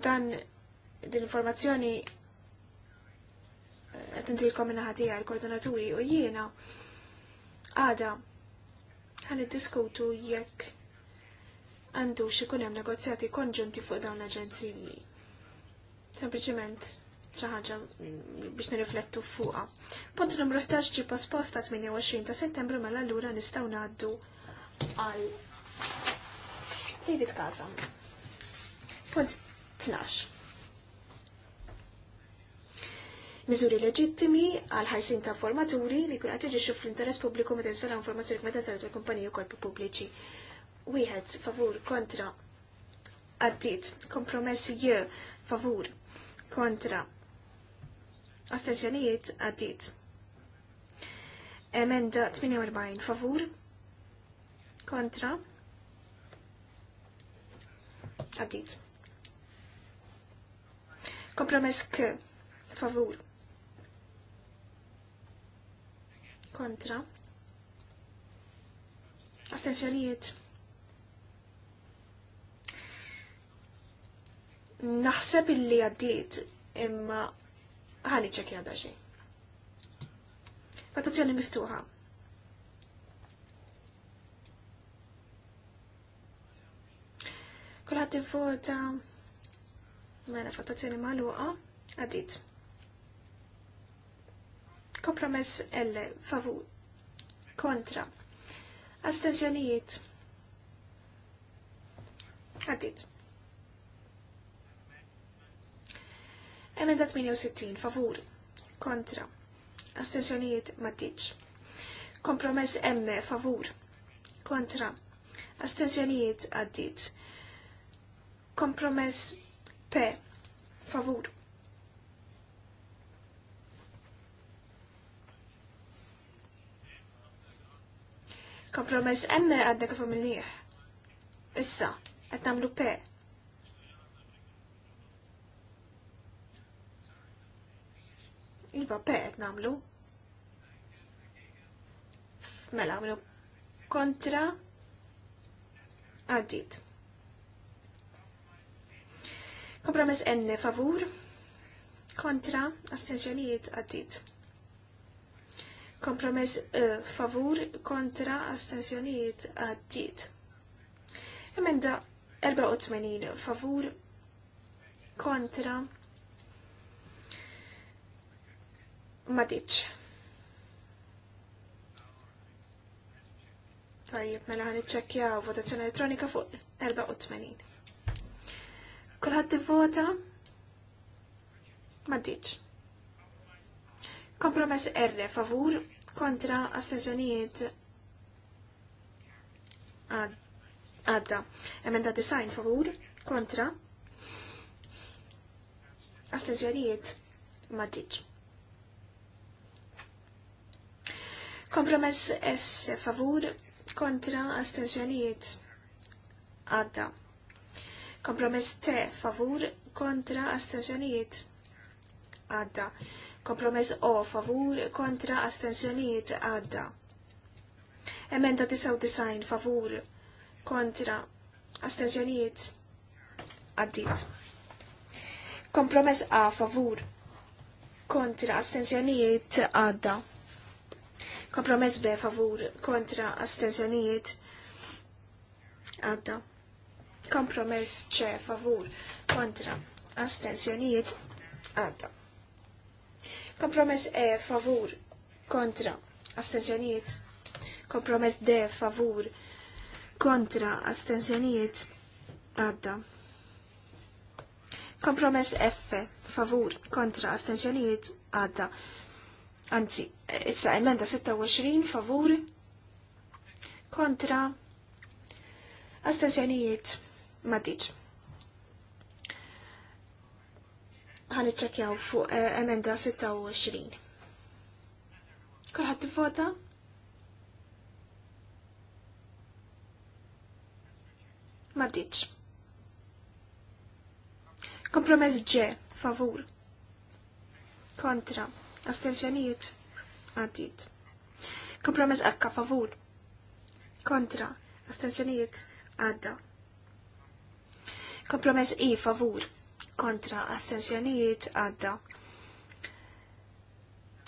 Dan din informazzjoni eh, qed intilkom minnaħatija l-koordinaturi u jiena għada id-diskutu jekk għandu xikun hemm negozjati konġunti fuq dawn l-aġenziji. Sempliciment xi ħaġa biex nirriflettu fuqa. Punt numru 11 ġi posposta 28 ta' Settembru mela allura nistgħu ngħaddu għal David Kazan. Punt 12. Miżuri leġittimi għal ħajsin ta' formaturi li kun għatġi xuf l-interess pubbliku meta jizvela informazzjoni meta zaret l u korpi pubbliċi. Wieħed favur kontra għaddit kompromessi j favur kontra astenzjonijiet għaddit. Emenda 48 favur kontra għaddit. Kompromess k. Favur. Kontra. Astenzjonijiet. Naħseb illi għaddiet imma ħani ċekja da xejn. Votazzjoni miftuħa. Kulħadd il vota Mela fattazzjoni maluqa, għadit. Kompromess L favur kontra. Astenzjonijiet għadit. Emenda 68 favur kontra. Astenzjonijiet matiċ. Kompromess M favur kontra. Astenzjonijiet għaddit. Kompromess Pe, Favur. Kompromess M għaddek familjiħ. Issa, għed namlu pe. Iva pe għed namlu. Mela, għamlu kontra għaddit. Kompromess N favur kontra astenzjonijiet għaddit. Kompromess e, favur kontra astenzjonijiet għaddit. Emenda 84 favur kontra madiċ. Tajjeb, mela ħan votazzjoni elettronika fuq 84. Kulħadd tivvota? Ma ddiċ. Kompromess R favur kontra astenzjonijiet għadda. Emenda design favur kontra astenzjonijiet ma ddiċ. Kompromess S favur kontra astenzjonijiet għadda. Kompromess te favur kontra astensjonijiet għadda. Kompromess o favur kontra astensjonijiet għadda. Emenda 99 favur kontra astensjonijiet għaddit. Kompromess a favur kontra astensjonijiet għadda. Kompromess B favur kontra astensjonijiet għadda. Kompromess ċe favur kontra astensjonijiet għadda. Kompromess E favur kontra astensjonijiet. Kompromess de, favur kontra astensjonijiet għadda. Kompromess F favur kontra astensjonijiet għadda. Anzi, issa emenda 26 favur kontra astensjonijiet ma tiġ. Għani ċekjaw fuq eh, emenda 26. Kulħadd tivvota? Ma tiġ. Kompromess ġe, favur. Kontra. Astenzjonijiet. Għaddit. Kompromess akka favur. Kontra. Astenzjonijiet. Għadda. Kompromess I favur kontra astensjonijiet għadda.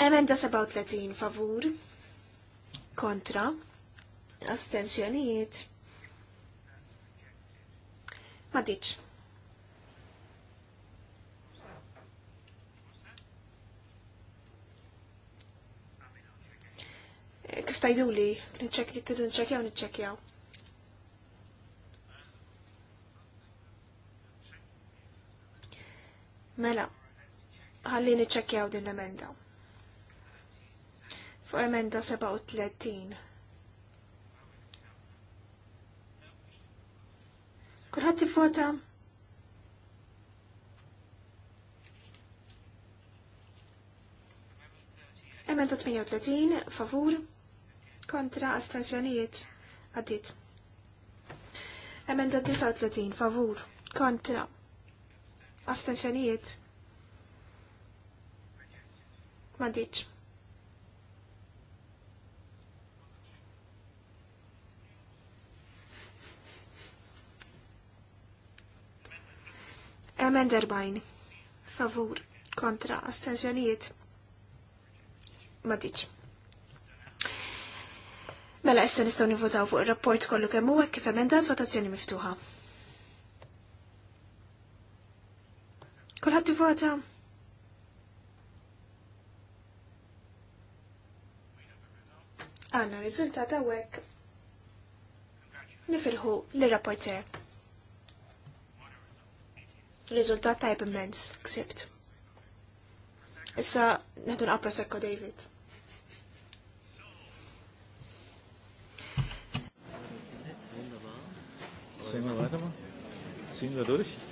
Emenda 37 favur kontra astensjonijiet ma diċ. Kif tajdu li, nċekjaw, nċekjaw, nċekjaw. Mela, ħalli niċċekkjaw din l-emenda. Fuq emenda 37. Kulħadd tifvota? Emenda 38, favur, kontra astensjonijiet għaddit. Emenda 39, favur, kontra astensjonijiet ma diċ. Emen Favur. Kontra. Astenzjonijiet. diċ. Mela, issa nistaw nivotaw fuq il-rapport kollu kemmu għek kif emendat votazzjoni miftuħa. Kolħat vota? Għanna rizultat għawek. Nifilħu l-rapporter. Rizultat tajb immens, ksibt. Issa, naħdu nqabra sekko David. Sejna l-għadama? Sejna l-għadama?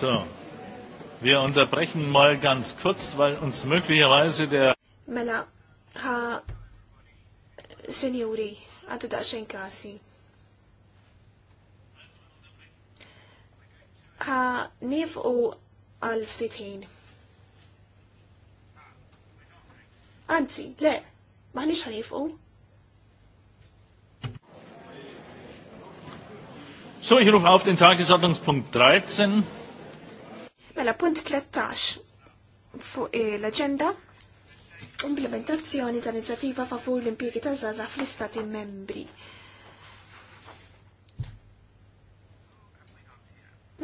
So, wir unterbrechen mal ganz kurz, weil uns möglicherweise der... Mela, ha, senjuri, għadu daqxen kasi. Ha, nif u għal ftitħin. Anzi, le, maħnix ħanifqu. So, ich rufe auf den Tagesordnungspunkt 13. Mela punt 13 fuq l-agenda implementazzjoni ta' inizjattiva favur l-impjegi ta' zaza fl-istati membri.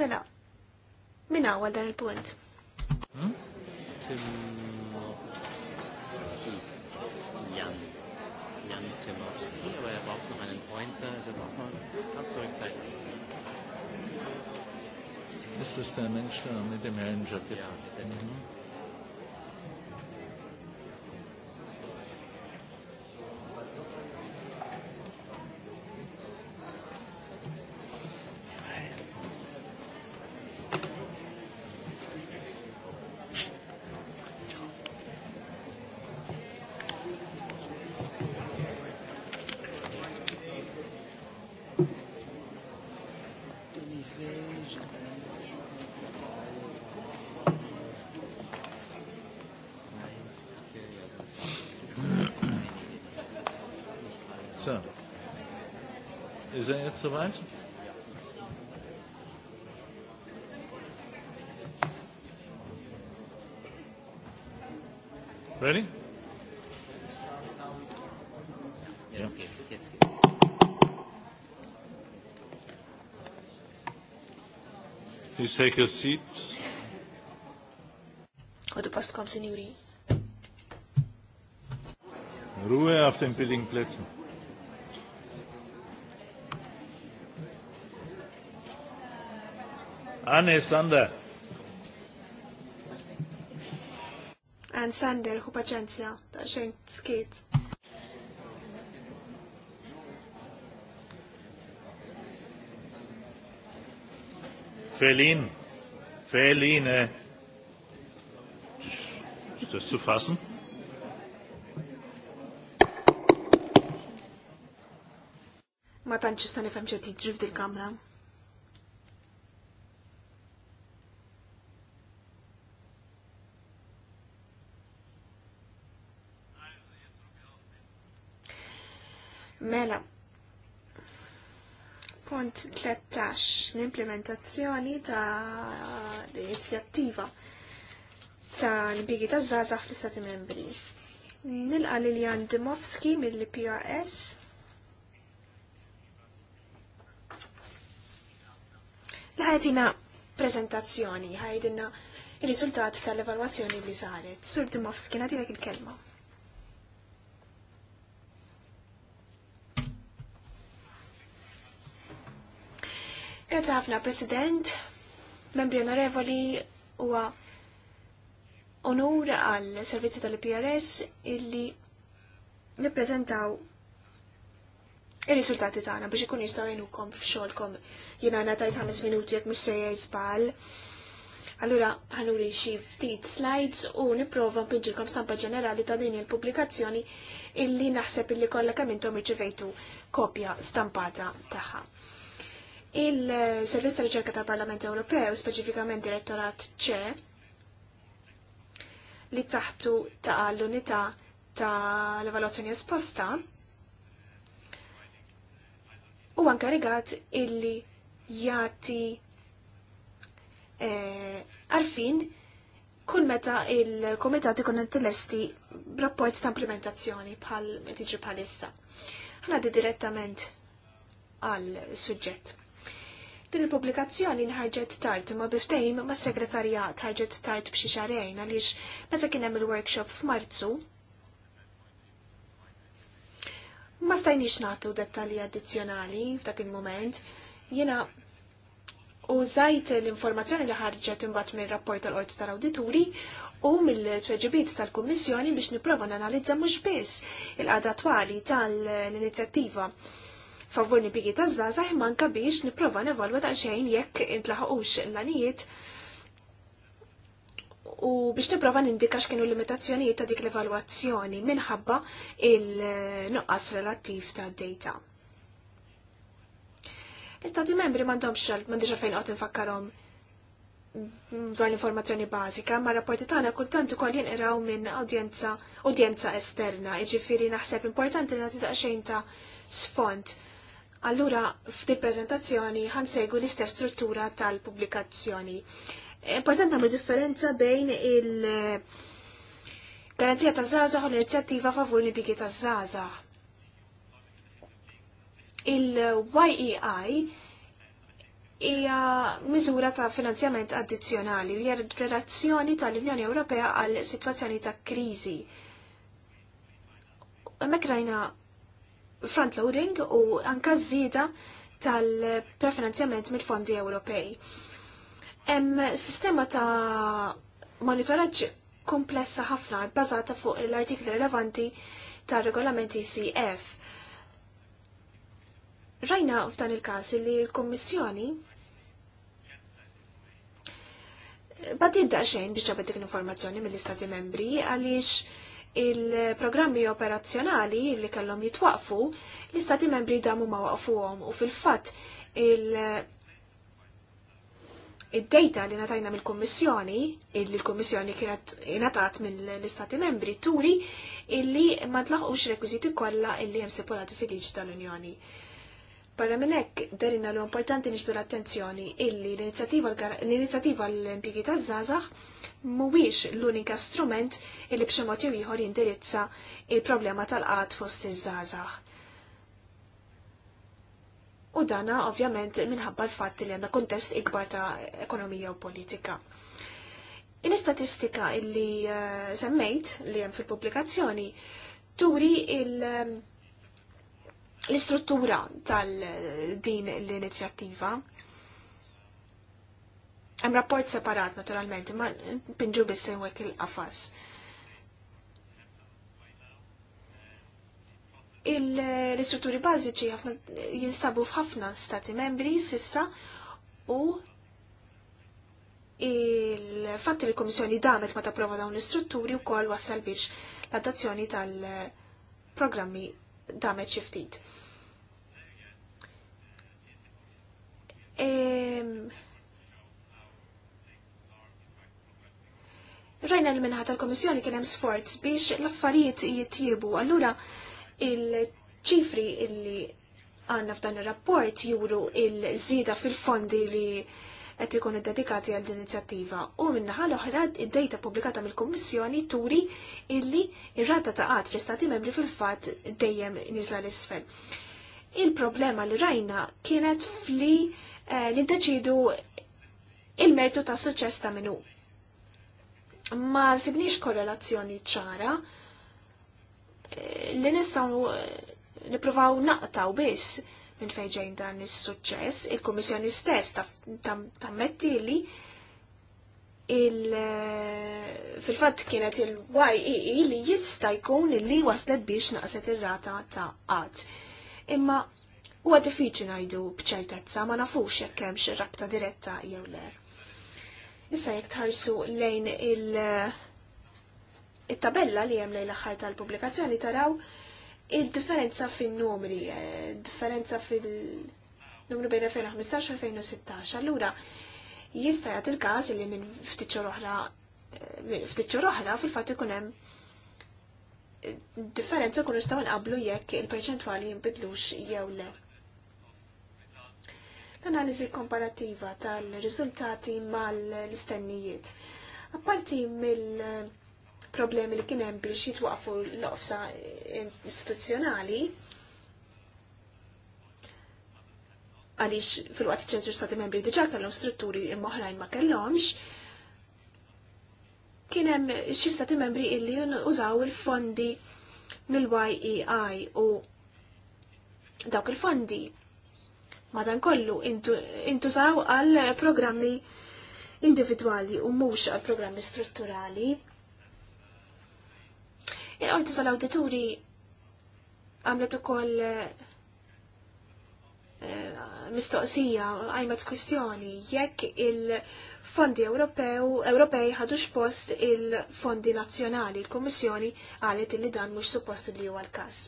Mela, min għawal dan il-punt? Hm? Jan, Jan Ist es der Mensch mit dem Herrn Jacket? much. Ready? Please take your seats. Għadu pastkom, sinjuri. Ruhe auf den billigen Plätzen. Anne Sander. Anne Sander, hu paċenzja, ta' xejn skit. Felin, Felin, eh. Ist das zu fassen? Ma tantx nista' nifhem x'qed jiġri f'dil-kamra. l-implementazzjoni ta' l inizjattiva ta' l-bigi ta' zaza fl-Istati Membri. Nilqa Lilian Dimowski mill-PRS. ħajtina prezentazzjoni, ħajdinna il rizultat tal-evalwazzjoni li saret. Sur Dimowski, nadilek il-kelma. Grazzi ħafna, President, membri onorevoli u onur għal servizzi tal-PRS illi nippreżentaw il-risultati tagħna biex ikun jistgħu jgħinukom f'xogħolkom jiena tajt ħames minuti jekk mhux sejja żball. Allura ħanuri xi ftit slides u nipprova npinġilkom stampa ġenerali ta' din il-pubblikazzjoni illi naħseb illi kollha kemm intom irċivejtu kopja stampata tagħha. Il-Servizz ta' Riċerka tal-Parlament Ewropew, speċifikament Direttorat C, li taħtu ta' l-unità ta' l-evaluazzjoni esposta, u anka rigat illi jati eh, għarfin kull meta il-komitat ikun intilesti rapport ta' implementazzjoni bħal tiġi bħalissa. Ħna di direttament għal suġġett. Din il-publikazzjoni nħarġet tard ma biftejim ma segretarjat ħarġet tard b'xi xarejn għaliex meta kien hemm il-workshop f'Marzu. Ma stajniex nagħtu dettalji addizzjonali f'dak il-moment. Jiena zajt l-informazzjoni li ħarġet imbagħad mir-rapport tal-Qorti tal-Awdituri u mill-tweġibiet tal-Kummissjoni biex nipprova nanalizza mhux biss il-qada twali tal-inizjattiva favorni nipigi ta' zazah manka biex niprofa nevalwa ta' xejn jekk intlaħuqux l-lanijiet u biex niprofa nindika x'kienu limitazzjonijiet ta' dik l-evalwazzjoni minħabba il-nuqqas relattiv ta' data. il istati membri mandomx mandiġa fejn qot infakkarom dwar l-informazzjoni bażika, ma rapporti tagħna kultant ukoll jinqraw minn udjenza esterna, jiġifieri naħseb importanti li nagħti xejn ta' sfond Allura, f'dil prezentazzjoni ħansegwu l-istess struttura tal-pubblikazzjoni. Importanti għamlu differenza bejn il- Garanzija ta' Zaza u l-inizjattiva favur l bigi ta' Zaza. Il-YEI hija miżura ta' finanzjament addizzjonali li relazzjoni tal-Unjoni Ewropea għal sitwazzjoni ta' kriżi. Mekrajna front-loading u anka żieda tal-prefinanzjament mill-fondi Ewropej. Hemm sistema ta' monitoraġġ komplessa ħafna bbażata fuq l-artikli rilevanti tar regolamenti CF. Rajna f'dan il-każ li l-Kummissjoni jidda xejn biex ġabet dik l-informazzjoni mill-Istati membri għaliex il-programmi operazzjonali li kellhom jitwaqfu, l-istati membri damu ma waqfuhom u fil-fatt il- id-data li natajna mill-Kommissjoni, illi l-Kommissjoni kienet inatat mill l-Istati membri, turi illi ma tlaħqux rekwiziti kollha illi jem sepolati fil-liġi tal-Unjoni. Barra minn hekk l importanti nixbdu attenzjoni illi l-inizjattiva l impiegi taż-żgħażagħ mhuwiex l-unika strument li b'xi mod jew ieħor jindirizza il-problema tal-qat fost iż-żgħażagħ. U dana ovvjament minħabba l-fatt li għandha kontest ikbar ta' ekonomija u politika. Il-istatistika illi uh, semmejt li hemm fil-pubblikazzjoni turi il- eh, l-istruttura tal-din l-inizjattiva Hemm rapport separat naturalment, ma pinġu biss wek il-qafas. l-istrutturi bażiċi jinstabu f'ħafna stati membri sissa u il-fatt li l-Komissjoni damet ma tapprova dawn l-istrutturi u kol wassal biex l-adozzjoni tal-programmi damet xiftit. Ehm, Rajna l minħat tal-Komissjoni kien hemm sforz biex l-affarijiet jittiebu. Allura il-ċifri illi għanna f'dan ir-rapport juru il żida fil-fondi li qed ikunu dedikati għal din inizjattiva u minnaħa l-oħra id-dejta pubblikata mill-Kummissjoni turi illi ir-rata ta' qatt fl-Istati membri fil-fatt dejjem niżla l-isfel. Il-problema li rajna kienet fli eh, l-indeċidu il-mertu ta' suċċess ta' minu ma sibniex korrelazzjoni ċara eh, li nistaw eh, nipruvaw naqtaw biss minn fejġejn dan is-suċċess, il-Kummissjoni stess tammetti li eh, fil-fatt kienet il-YEE e li jista' jkun li waslet biex naqset ir-rata ta' qatt. Imma huwa diffiċli ngħidu b'ċertezza ma nafux jekk hemm xi rabta diretta jew le. Issa jek tħarsu lejn il-tabella eh, li hemm lejn l-aħħar tal-pubblikazzjoni taraw il-differenza fin-numri, eh, differenza fin numri differenza fil numru bejn 2015 u 2016. Allura, jista' jagħti il-każ li minn ftit eh, oħra fil-fatt ikun hemm differenza kunu stawan nqablu jekk il-perċentwali jinbidlux jew le l-analiżi komparativa tal-riżultati mal-istennijiet. Apparti mill-problemi li kien hemm biex jitwaqfu l-ofsa istituzjonali, għaliex fil-waqt ċentru stati membri diġà kellhom strutturi imma ma kellhomx, kien hemm xi stati membri illi użaw il-fondi mill-YEI u dawk il-fondi madankollu intużaw għal programmi individuali u mhux għal programmi strutturali. Il-qorti tal-awdituri għamlet ukoll eh, mistoqsija għajmet kwistjoni jekk il-fondi Ewropew Ewropej ħadux post il-fondi nazzjonali. Il-Kummissjoni għalet li dan mhux suppost li huwa l-każ.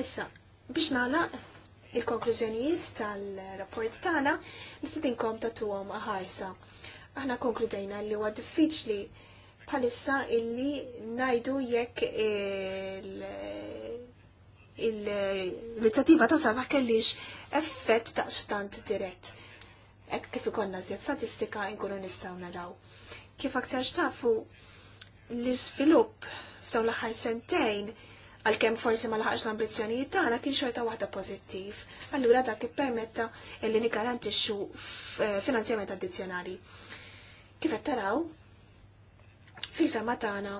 Issa, biex nagħlaq il-konklużjonijiet tal-rapport tagħna li tidinkom tagħtuhom aħarsa. Aħna konkludejna li huwa diffiċli bħalissa illi najdu jekk l-inizjattiva ta' sa' kellix effett ta' xtant dirett. Ek kif ikonna zjed statistika nkunu nistaw naraw. Kif aktar xtafu l iżvilupp f'dawn l-aħħar sentejn għalkemm forsi ma laħax l-ambizzjonijiet tagħna kien xorta waħda pożittiv. Allura dak ippermetta illi nigarantixxu eh, finanzjament addizzjonali. Kif qed taraw, fil-fema tagħna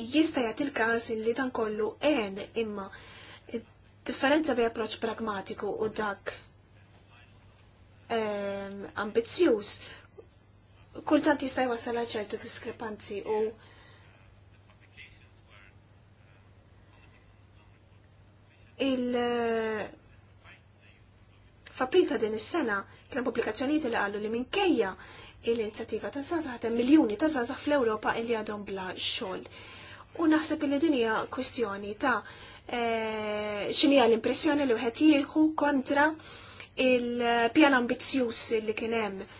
jista' jagħti l-każ li dan kollu għen imma differenza bej approċċ pragmatiku u dak ehm, ambizzjuż kultant jista' jwassal ċertu diskrepanzi u il f'April ta' din is-sena kien pubblikazzjonijiet li qalu li minkejja l-inizjattiva ta' żgħażagħ hemm miljuni ta' żgħażagħ fl-Ewropa li għadhom bla xogħol. U naħseb li din hija kwistjoni ta' e, x'inhi l-impressjoni li wieħed jieħu kontra il-pjan ambizzjuż li kien hemm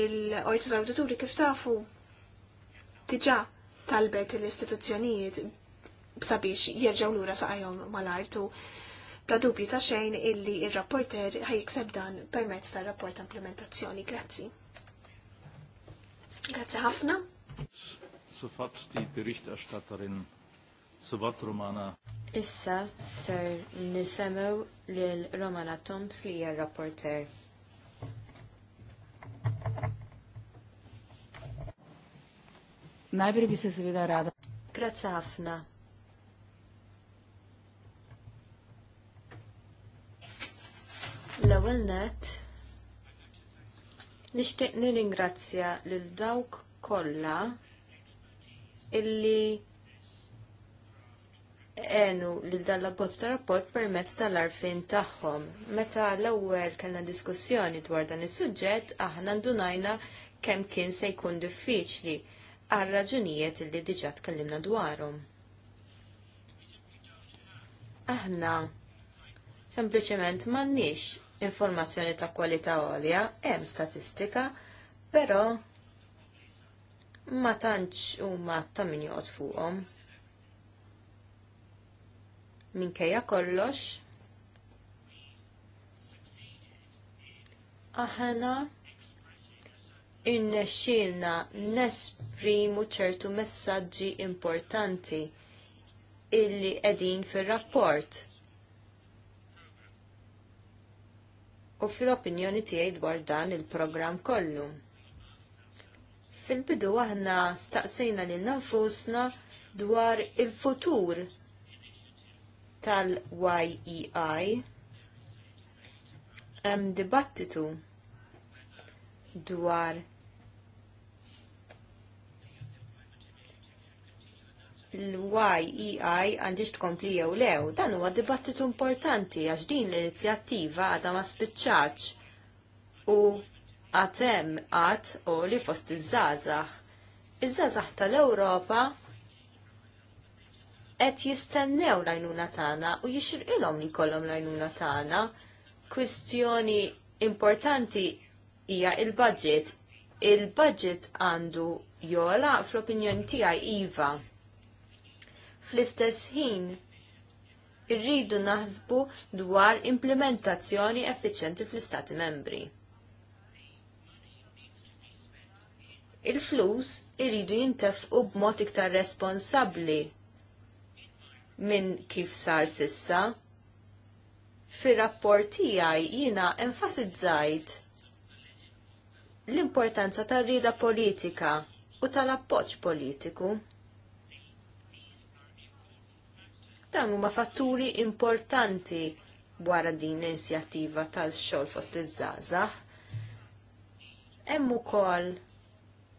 il-qorti tal kif tafu tiġa talbet l-istituzzjonijiet sabiex l lura saqajhom mal-artu bla dubju ta' xejn illi il-rapporter ħajikseb dan permezz tal-rapport implementazzjoni. Grazzi. Grazzi ħafna. Sufat di Berichterstatterin Sufat Romana. Issa ser nisemaw lil Romana Toms li hija rapporter. Najbri bi se seveda rada. Grazie ħafna. L-ewwel net nixtieq nirringrazzja lil dawk kollha illi għenu l dalla posta rapport permezz tal-arfin tagħhom. Meta l-ewwel kellna diskussjoni dwar dan is-suġġett aħna ndunajna kemm kien se jkun diffiċli għal raġunijiet li diġa tkellimna dwarhom. Aħna sempliċement m'għandniex informazzjoni ta' kwalità għolja, hemm statistika, però ma tantx huma ta' min joqgħod fuqhom. Minkejja kollox, aħna irnexxielna nesprimu ċertu messaġġi importanti illi qegħdin fir-rapport. U fil-opinjoni tiegħi dwar dan il-programm kollu. Fil-bidu aħna staqsejna lil nafusna dwar il-futur tal-YEI hemm dibattitu dwar l-YEI għandix tkompli jew lew, dan huwa dibattitu importanti għax din l-inizjattiva għadha ma spiċċaċ u għatem għat u li fost iż-żazax. Iż-żazax tal-Ewropa qed jistennew l-għajnuna tagħna u jixirqilhom li jkollhom l-għajnuna tagħna. Kwistjoni importanti hija il-budget. Il-budget għandu jola fl-opinjoni tiegħi iva. Fl-istess ħin, irridu naħsbu dwar implementazzjoni effiċjenti fl-Istati membri. Il-flus irridu jintefqu b'mod iktar responsabbli minn kif sar sissa. Fir-rapport tiegħi jiena enfasizzajt l-importanza tar-rieda politika u tal-appoġġ politiku. Dan huma fatturi importanti wara din l-inizjattiva tal-xogħol fost iż-żgħażagħ. Hemm ukoll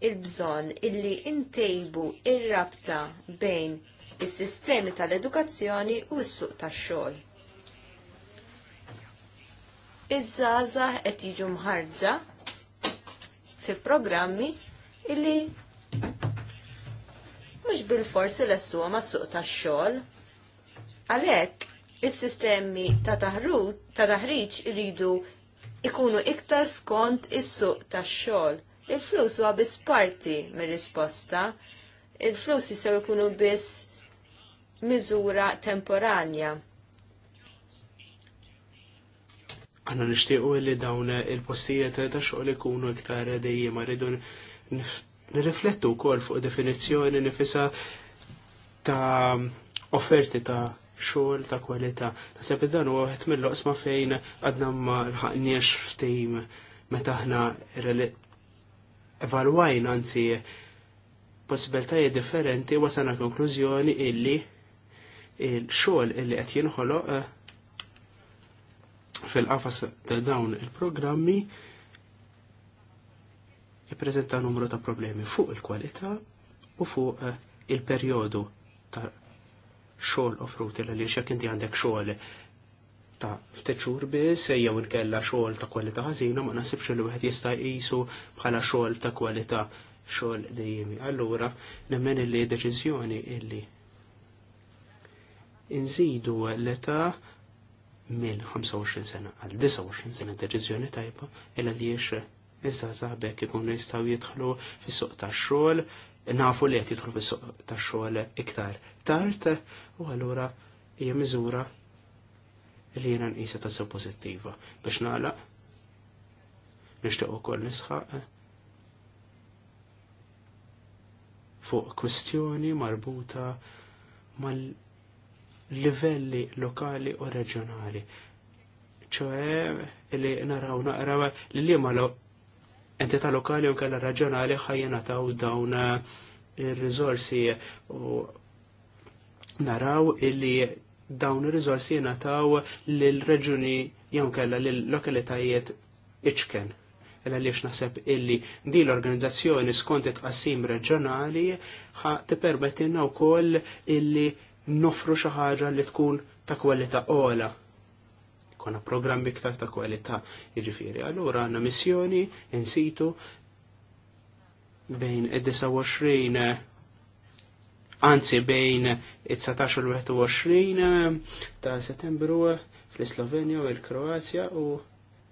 il-bżonn illi ntejbu ir-rabta bejn is-sistemi tal-edukazzjoni u s-suq tax-xogħol. Iż-żgħażagħ qed jiġu mħarġa fi programmi illi mhux bil-forsi lestuha mas-suq tax-xogħol Għalhekk is-sistemi ta' taħru ta' taħriġ iridu ikunu iktar skont is-suq tax-xogħol. Il-flus huwa biss parti mir-risposta. Il-flus jistgħu jkunu biss miżura temporanja. Għanna nishtiqu li dawn il-postijiet ta' xogħol ikunu iktar dejjem rridu nirriflettu wkoll fuq definizzjoni nifisa ta' offerti ta' xogħol ta' kwalità. Naħseb dan huwa wieħed mill-oqsma fejn għadna ma rħaqniex f'tim meta aħna evalwajna anzi possibiltajiet differenti wasana konklużjoni illi il-xogħol illi qed jinħoloq eh, fil-qafas ta' dawn il-programmi jippreżenta numru ta' problemi fuq il-kwalità u fuq eh, il-perjodu ta' xogħol of l għaliex jekk inti għandek xogħol ta' teċur xhur biss jew inkella xogħol ta' kwalità ħażina ma nasibx li wieħed jista' jqisu bħala xogħol ta' kwalità xogħol dejjemi. Allura nemmen li deċiżjoni illi inżidu l-età minn 25 sena għal 29 sena deċiżjoni tajba illa li jiex iżda zaħbek ikunu jistgħu jidħlu fis-suq tax-xogħol nafu li qed jidħlu fis-suq tax-xogħol iktar Tart u allura hija miżura li jiena nqisa ta' sew pożittiva biex nagħlaq nixtieq ukoll nisħaq eh, fuq kwistjoni marbuta mal-livelli lokali u reġjonali. ċoħe li naraw naqraw li li ma entita lokali u kalla reġjonali ħajjena taw dawn eh, ir-rizorsi u naraw illi dawn ir-riżorsi jingħataw lill-reġuni jew kellha lill-lokalitajiet iċken. Ella għaliex naħseb illi di l-organizzazzjoni skont it-qassim reġjonali tippermettilna wkoll illi nofru xi ħaġa li tkun ta' kwalità ola. Kona program iktar ta' kwalità jiġifieri. Allura għandna missjoni insitu bejn id-29 anzi bejn it-19 u l-21 eh, ta' settembru eh, fl-Slovenja u l-Kroazja u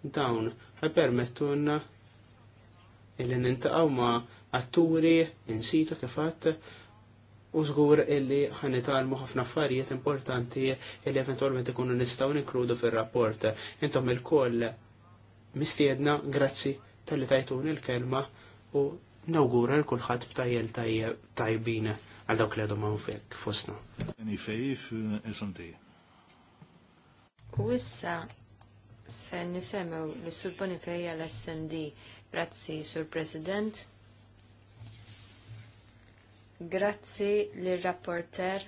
dawn ħajpermettuna eh, illi nintaqaw ma' atturi insitu kifat u żgur illi ħanitalmu ħafna affarijiet importanti illi eventualment ikunu nistgħu ninkludu fir-rapport. Intom il-koll mistiedna grazzi tal-li tajtuni l-kelma u nawgura l-kulħadd b'tajjel tajbin għal dawk li għadhom fejf, fostna. U issa se nisemgħu li surponi fejja l SND. Grazzi, Sur President. Grazzi li rapporter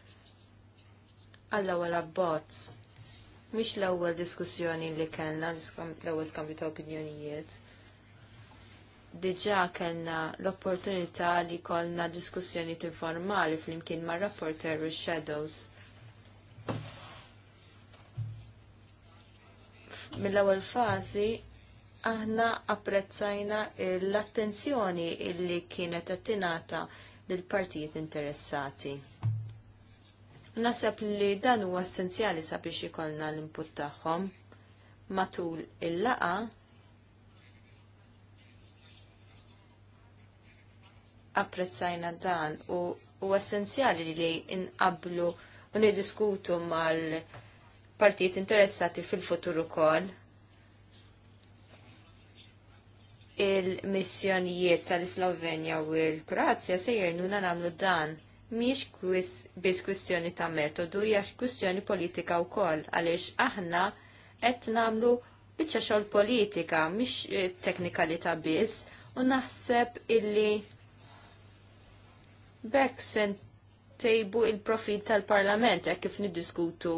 għall-ewwel abbozz. Mhix l-ewwel diskussjoni li kellna l-ewwel skambju ta' opinjonijiet diġa kellna l-opportunità li kollna diskussjoni informali fl-imkien ma' rapporter u shadows. Mill-ewwel fażi aħna apprezzajna l-attenzjoni illi kienet attinata lill partijiet interessati. Nasab li dan huwa essenzjali sabiex ikollna l-input tagħhom matul il-laqa' apprezzajna dan u, u essenzjali li inqablu u nidiskutu mal-partijiet interessati fil-futur ukoll il-missjonijiet tal-Slovenja u l-Kroazja se jernuna namlu dan miex biss kwistjoni ta' metodu, jax kwistjoni politika u koll, għalix aħna qed namlu bieċa xol politika, miex eh, teknika ta' biss, u naħseb illi Bekk sen tejbu il-profil tal-parlament jekk kif niddiskutu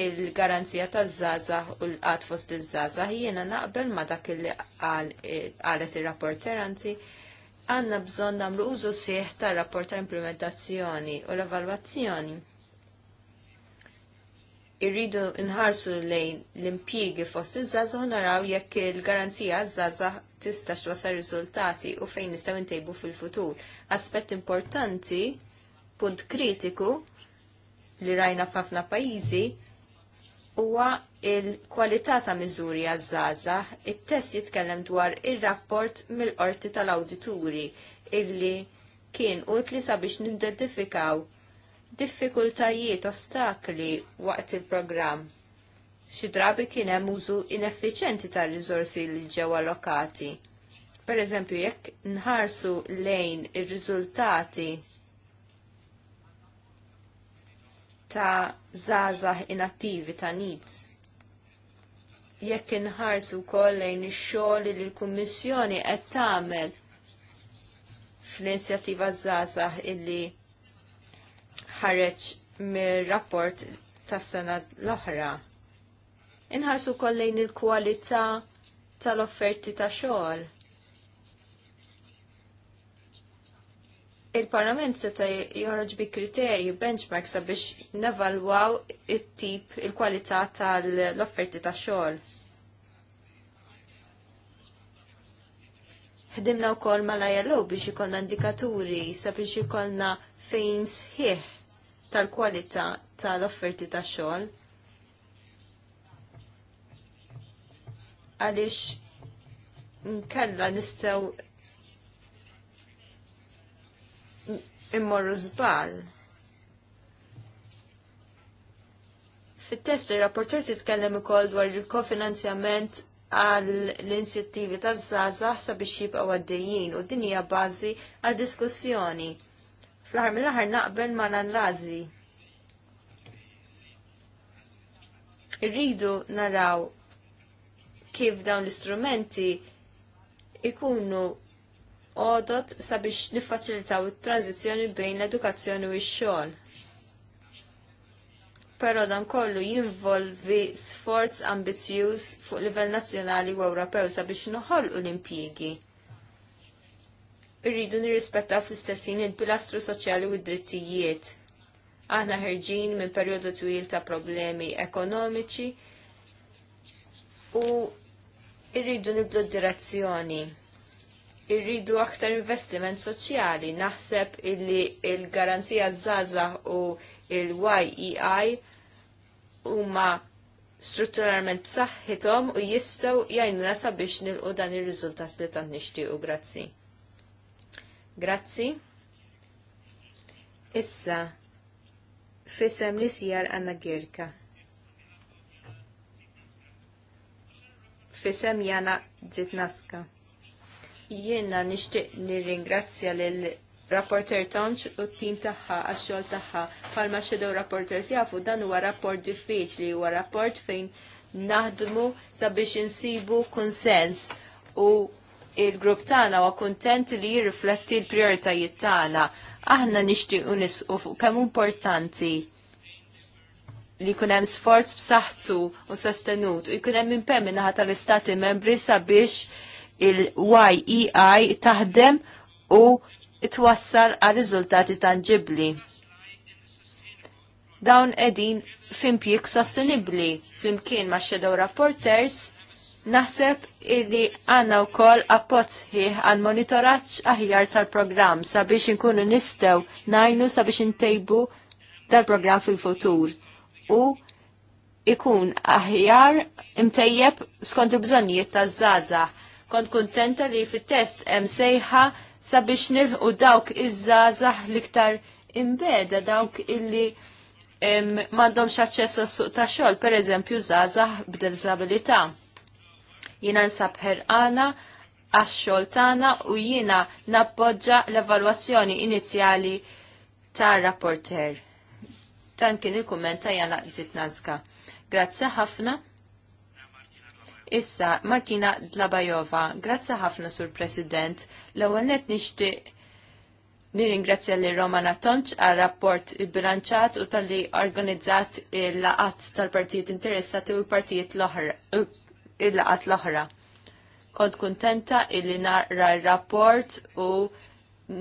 il-garanzija taż-żaza u l-qat fost iż-żaza jiena naqbel ma dak li qalet ir-rapporter anzi għandna bżonn nagħmlu użu sieħ tar-rapport ta' implementazzjoni u l-evalwazzjoni. Irridu nħarsu lejn l-impjiegi fost iż-żaza u naraw jekk il-garanzija għaż-żaza tista' x'wasal riżultati u fejn nistgħu ntejbu fil-futur aspett importanti, punt kritiku li rajna f'ħafna pajjiżi huwa il-kwalità ta' miżuri għaż-żaża. It-test jitkellem dwar ir-rapport mill-qorti tal-awdituri illi kien li sabiex nidentifikaw diffikultajiet ostakli waqt il-programm. Xi drabi kien hemm użu ineffiċenti tar-riżorsi li ġew allokati Per eżempju, jekk nħarsu lejn ir-riżultati ta' żgħażagħ inattivi ta' needs. Jekk inħarsu wkoll lejn ix-xogħol li l-Kummissjoni qed tagħmel fl-inizjattiva żgħażagħ illi ħareġ mir-rapport tas-sena l-oħra. Inħarsu wkoll lejn il-kwalità tal-offerti ta' xogħol. il-Parlament seta joħroġ bi u benchmark sabiex nevalwaw it-tip il-kwalità tal-offerti ta' xogħol. Ħdimna wkoll mal-ILO biex ikollna indikaturi sabiex ikollna fejn sħiħ tal-kwalità tal-offerti ta' xogħol. Għaliex nkella nistgħu immorru żbal. Fit-test ir-rapporter titkellem ukoll dwar il-kofinanzjament għal l-inizjattivi ta' żgħażagħ sabiex jibqgħu għaddejjin u din hija bażi għal diskussjoni. Fl-aħħar mill-aħħar naqbel ma' nanrażi. Irridu naraw kif dawn l-istrumenti ikunu għodot sabiex niffaċilitaw it-tranzizzjoni bejn l-edukazzjoni u x-xogħol. Però dan kollu jinvolvi sforz ambizjuż fuq livell nazzjonali u Ewropew sabiex noħolqu l-impjiegi. Irridu nirrispettaw fl-istessin il-pilastru soċjali u d-drittijiet. Aħna ħerġin minn perjodu twil ta' problemi ekonomiċi u irridu nibdu d-direzzjoni irridu aktar investiment soċjali. Naħseb illi il-garanzija Zaza u il-YEI huma strutturalment b'saħħithom u jistgħu jgħinuna sabiex nilqu dan ir-riżultat li tant nixtiequ grazzi. Grazzi. Issa fisem li sijar għanna Girka. Fisem jana Zitnaska. Jiena nixtieq nirringrazzja lil rapporter Tonċ u t-tim taħħa għax-xogħol tagħha palma xedew rapporters jafu dan huwa rapport diffiċli huwa rapport fejn naħdmu sabiex insibu konsens u il-grupp tagħna huwa kontent li jirrifletti l-prijoritajiet tagħna. Aħna nixtiequ nisqu fuq kemm importanti li jkun hemm sforz b'saħħtu u sostenut u jkun hemm impenn tal-istati membri sabiex il-YEI taħdem u twassal għal riżultati tangibli. Dawn edin f'impjik sostenibli flimkien ma' Shadow Rapporters naħseb illi għanna u koll appozzi għal monitoraċ aħjar tal-program sabiex nkunu nistew najnu sabiex ntejbu dal-program fil-futur u ikun aħjar imtejjeb skont il-bżonnijiet taż-żaza Kont kuntenta li fit-test hemm sejħa sabiex nilħu dawk iż-żgħażagħ l-iktar imbeda dawk illi m'għandhomx aċċess għas-suq ta' xogħol, pereżempju żgħażagħ b'deżabilità. Jiena nsab ħerqana għax-xogħol tagħna u jiena nappoġġa l-evalwazzjoni inizjali tar-rapporter. Dan kien il-kumment ta' Jana Grazzi ħafna. Issa, Martina Dlabajova, grazza ħafna sur President, l-ewwel nishti nixtieq Nirringrazzja li Romana Tonċ għal rapport bilanċat u tal-li organizzat il-laqat tal-partijiet interessati u partijiet il-laqat l-oħra. Kont kontenta illi nara il-rapport u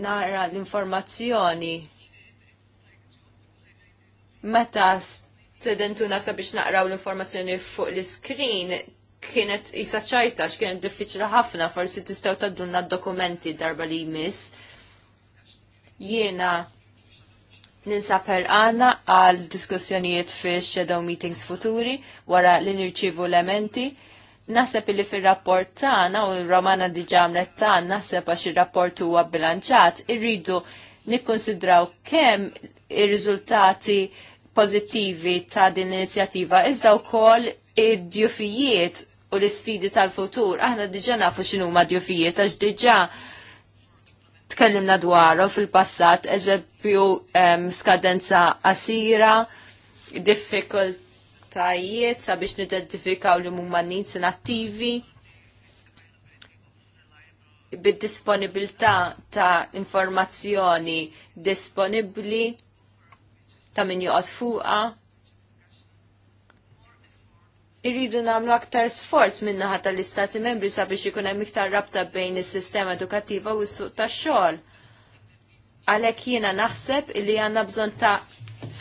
nara l-informazzjoni. Meta sedentuna sabiex naqraw l-informazzjoni fuq l-screen, kienet jisaċajta, x'kienet diffiċli ħafna forsi tistgħu taddulna d-dokumenti darba li jmiss. Jiena ninsa għana għal diskussjonijiet fi shadow meetings futuri wara li nirċivu elementi. Naħseb li fil-rapport tagħna u r-Romana diġà għamlet tagħna naħseb għax ir-rapport huwa bilanċat, irridu nikkonsidraw kemm ir-riżultati pożittivi ta' din l-inizjattiva iżda wkoll id-djufijiet u l-isfidi tal-futur, aħna diġa nafu xinu madjofijiet, għax diġa tkellimna dwaru fil-passat, eżempju skadenza qasira, diffikultajiet sabiex nidentifikaw li mumma ninsin attivi, bid-disponibilità ta' informazzjoni disponibli ta' min joqgħod fuqha irridu namlu aktar sforz minna ħata l-istati membri sabiex ikun hemm iktar rabta bejn is-sistema edukattiva u s-suq tax-xogħol. Għalhekk jiena naħseb li għandna bżonn ta'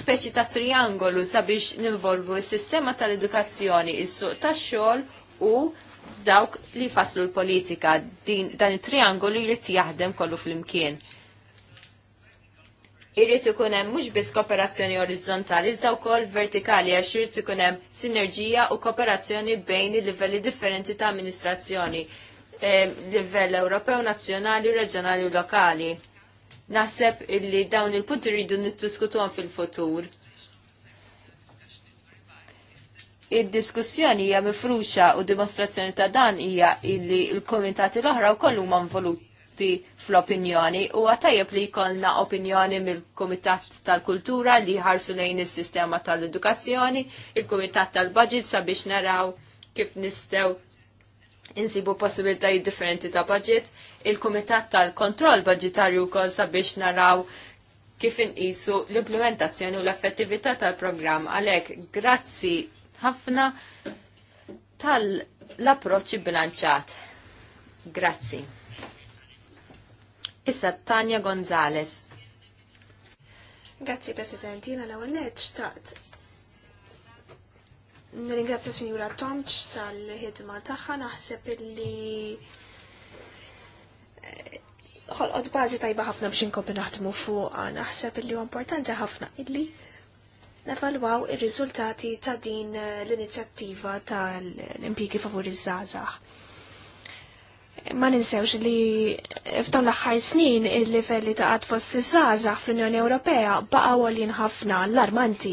speċi ta' triangolu sabiex ninvolvu s-sistema tal-edukazzjoni, is-suq tax-xogħol u dawk li faslu l-politika. Dan it-triangolu jrid jaħdem kollu fl-imkien irrit ikun hemm mhux biss kooperazzjoni orizzontali iżda wkoll vertikali għax irrid ikun hemm sinerġija u kooperazzjoni bejn il-livelli differenti ta' amministrazzjoni, eh, livell Ewropew, nazzjonali, reġjonali u lokali. Naħseb illi dawn il-punti rridu niddiskutuhom fil-futur id diskussjoni hija mifruxa u dimostrazzjoni ta' dan hija illi l-komitati l-oħra wkoll huma involuti tutti fl-opinjoni u għatajab li jkollna opinjoni mill-Komitat tal-Kultura li ħarsu lejn is-sistema tal-Edukazzjoni, il-Komitat tal-Budget sabiex naraw kif nistew insibu possibilitajiet differenti ta' budget, il-Komitat tal-Kontroll Budgetarju wkoll sabiex naraw kif inqisu l-implementazzjoni u l-effettività tal-programm. Għalhekk grazzi ħafna tal-approċċ bilanċat. Grazzi. Issa Tanja Gonzales. Grazzi President, jina l-ewwel xtaqt. Nirringrazzja Signora Tomċ tal-ħidma tagħha naħseb illi eh, ħolqot bażi tajba ħafna biex inkompli naħdmu fuqha, naħseb illi huwa importanti ħafna illi nevalwaw ir-riżultati ta' din eh, l-inizjattiva tal-impjigi favorizzazah. żgħażagħ ma ninsewx li f'dawn l-aħħar snin il-livelli ta' għad fost iż-żaza fl-Unjoni Ewropea baqgħu għolin ħafna l-armanti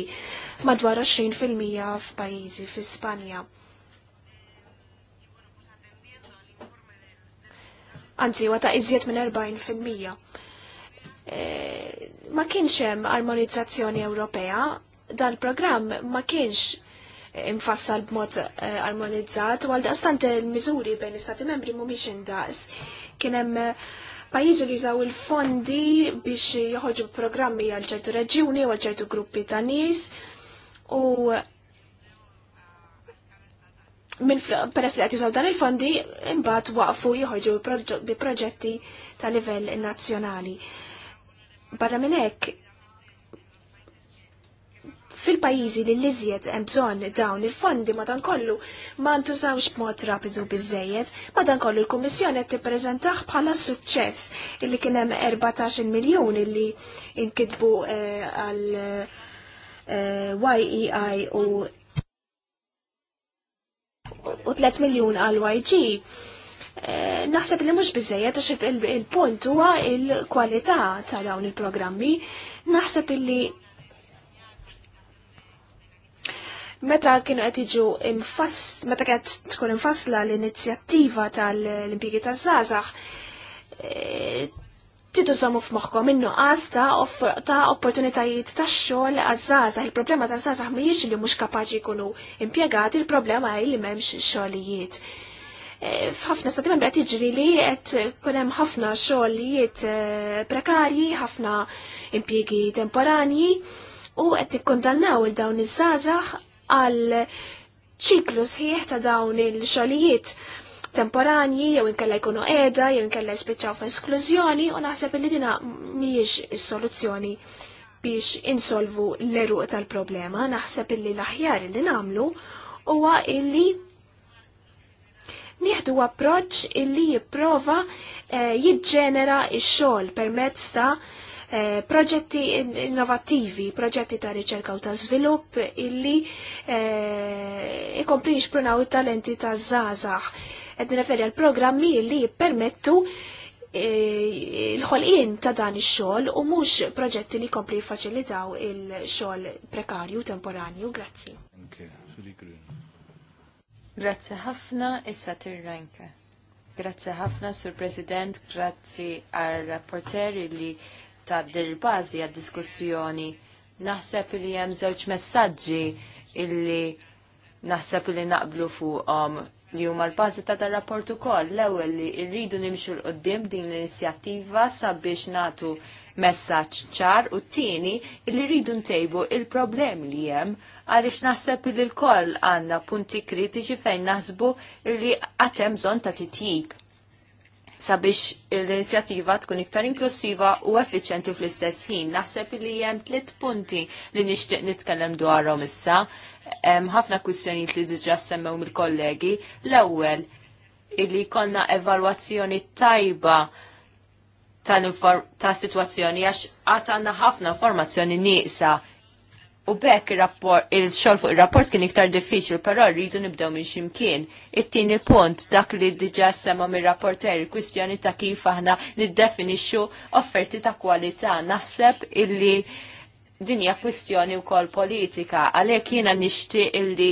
madwar 20% fil-mija f'pajjiżi fl-Ispanja. Anzi, huwa ta' iżjed minn 40%. fil-Mija. E, ma kienx hemm armonizzazzjoni Ewropea, dan il programm ma kienx imfassal b'mod eh, armonizzat u għaldaqstant il-miżuri bejn istati membri mhumiex indaqs. Kien hemm eh, pajjiżi li jużaw il-fondi biex joħorġu programmi għal ċertu reġjuni u għal ċertu gruppi ta' nis, u minn peress li għat jużaw dan il-fondi imbagħad waqfu joħoġu bi proġetti ta' livell nazzjonali. Barra minn hekk fil-pajjiżi li l-iżjed hemm bżonn dawn il-fondi madankollu ma ntużawx b'mod rapidu biżejjed, madankollu l-Kummissjoni qed tippreżentah bħala suċċess illi kien hemm 14 miljun illi inkitbu eh, għal eh, YEI u u 3 miljun għal YG. Eh, naħseb li mhux biżejjed għax il-punt huwa il-kwalità ta' dawn il-programmi. Naħseb li Meta kienu qed jiġu meta qed tkun infassla l-inizjattiva tal-impjiegi taż-żgħażagħ, eh, tidu żommu f'moħħkom minnu ta' ta' opportunitajiet tax-xogħol għaż-żgħażagħ. Il-problema ta' żgħażagħ mhijiex li mhux kapaċi jkunu impjegati, il-problema hi li m'hemmx xogħlijiet eh, f'ħafna stati membri qed jiġri li qed kun hemm ħafna xogħlijiet eh, prekarji, ħafna impjiegi temporanji u qed nikkondannaw il dawn iż-żgħażagħ għal ċiklu sħiħ ta' dawn il-xogħlijiet temporanji, jew inkella jkunu qiegħda, jew inkella jispiċċaw f'esklużjoni u naħseb li dina mhijiex is-soluzzjoni biex insolvu l-eruq tal-problema. Naħseb illi l-aħjar li nagħmlu huwa illi nieħdu approċċ illi jipprova eh, jiġġenera x-xogħol permezz ta' Eh, proġetti innovativi, proġetti ta' riċerka u ta' svilupp illi eh, ikompli jixprunaw it-talenti ta' zazax. Ed nreferi għal programmi illi permettu eh, il ħolqin ta' dan il-xol u mhux proġetti li jkompli jfaċilitaw il-xogħol prekarju temporanju. Grazzi. Grazzi ħafna issa tirranka. Grazzi ħafna, Sur President, grazzi għal rapporteri li ta' dil-bazi għad-diskussjoni. Naħseb li hemm żewġ messaġġi illi naħseb li naqblu fuqhom li huma l-bażi ta' dar rapport ukoll. L-ewwel li rridu nimxu l qoddim din l-inizjattiva sabiex nagħtu messaġġ ċar u t-tieni li rridu ntejbu il-problemi li hemm għaliex naħseb li l-koll għandna punti kritiċi fejn naħsbu li għatem bżonn ta' titjib sabiex l-inizjattiva tkun iktar inklusiva u effiċenti fl-istess ħin. Naħseb li hemm tliet punti li nixtieq nitkellem dwarhom issa. Hemm ħafna kwistjonijiet li diġà semmew mill-kollegi. L-ewwel illi konna evalwazzjoni tajba ta' situazzjoni għax għatanna ħafna informazzjoni nieqsa U bekk il-xol fuq il-rapport kien iktar diffiċil, però rridu nibdew minn ximkien. It-tieni punt dak li diġa semma mir rapporter il-kwistjoni ta' kif aħna niddefinixxu offerti ta' kwalità. Naħseb illi dinja kwistjoni wkoll politika, għalhekk jiena nixtieq illi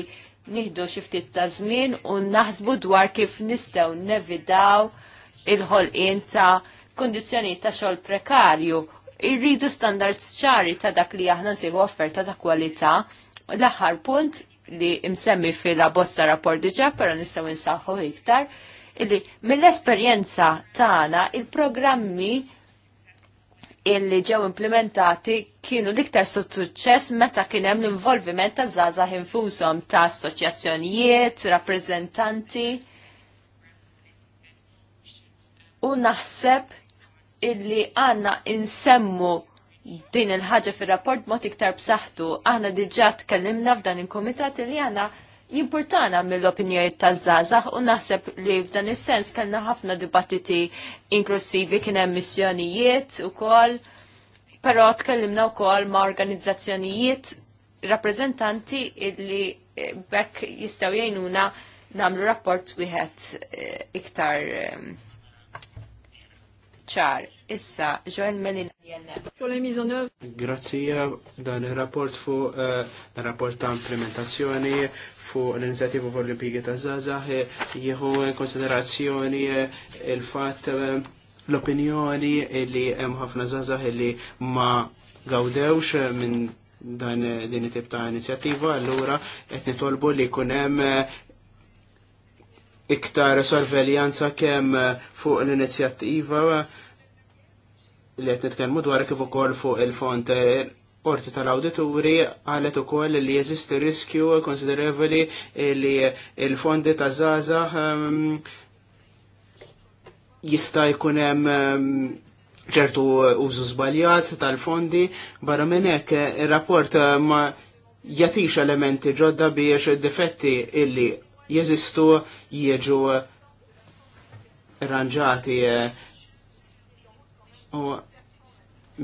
nieħdu xi ftit ta' żmien u naħsbu dwar kif nistgħu nevidaw il-ħolqien ta' kondizzjoni ta' xogħol prekarju irridu standards ċari ta' dak li aħna nsibu offerta ta' kwalità. L-aħħar punt li imsemmi fil-bosta rapport diġà, però nistgħu nsaħħu iktar, illi mill-esperjenza tagħna il-programmi illi ġew implementati kienu l-iktar suċċess meta kien hemm l-involviment ta' żgħażagħ infushom ta' assoċjazzjonijiet, rappreżentanti. U naħseb illi għanna insemmu din il-ħagġa fil-rapport mod iktar b'saħħtu aħna diġà tkellimna f'dan il-komitat li għandna jimportana mill-opinjoni taż-żgħażagħ u naħseb li f'dan is-sens kellna ħafna dibattiti inklusivi kien hemm missjonijiet ukoll, però tkellimna wkoll ma' organizzazzjonijiet rappreżentanti illi eh, bekk jistgħu jgħinuna nagħmlu rapport wieħed eh, iktar eh, ċar. Issa, Joel Melin. Grazie dan il-rapport fu eh, dan rapport ta' implementazzjoni fu l inizjativa fu l-Olimpijgi ta' Zaza eh, jieħu konsiderazzjoni eh, il-fat l-opinjoni li hemm ħafna Zaza li ma gawdewx minn dan din tip ta' inizjattiva, allura qed nitolbu li jkun hemm iktar sorveljanza kemm fuq l-inizjattiva li qed nitkellmu dwar kif ukoll fuq il-font Orti tal-awdituri għalet u koll li jeżisti riskju konsiderevoli li il-fondi ta' zaza ehm, jista' jkun hemm ehm, ċertu użu żbaljat tal-fondi barra minn hekk ir-rapport ma jagħtix elementi ġodda biex difetti illi jeżistu jieġu ranġati eh, U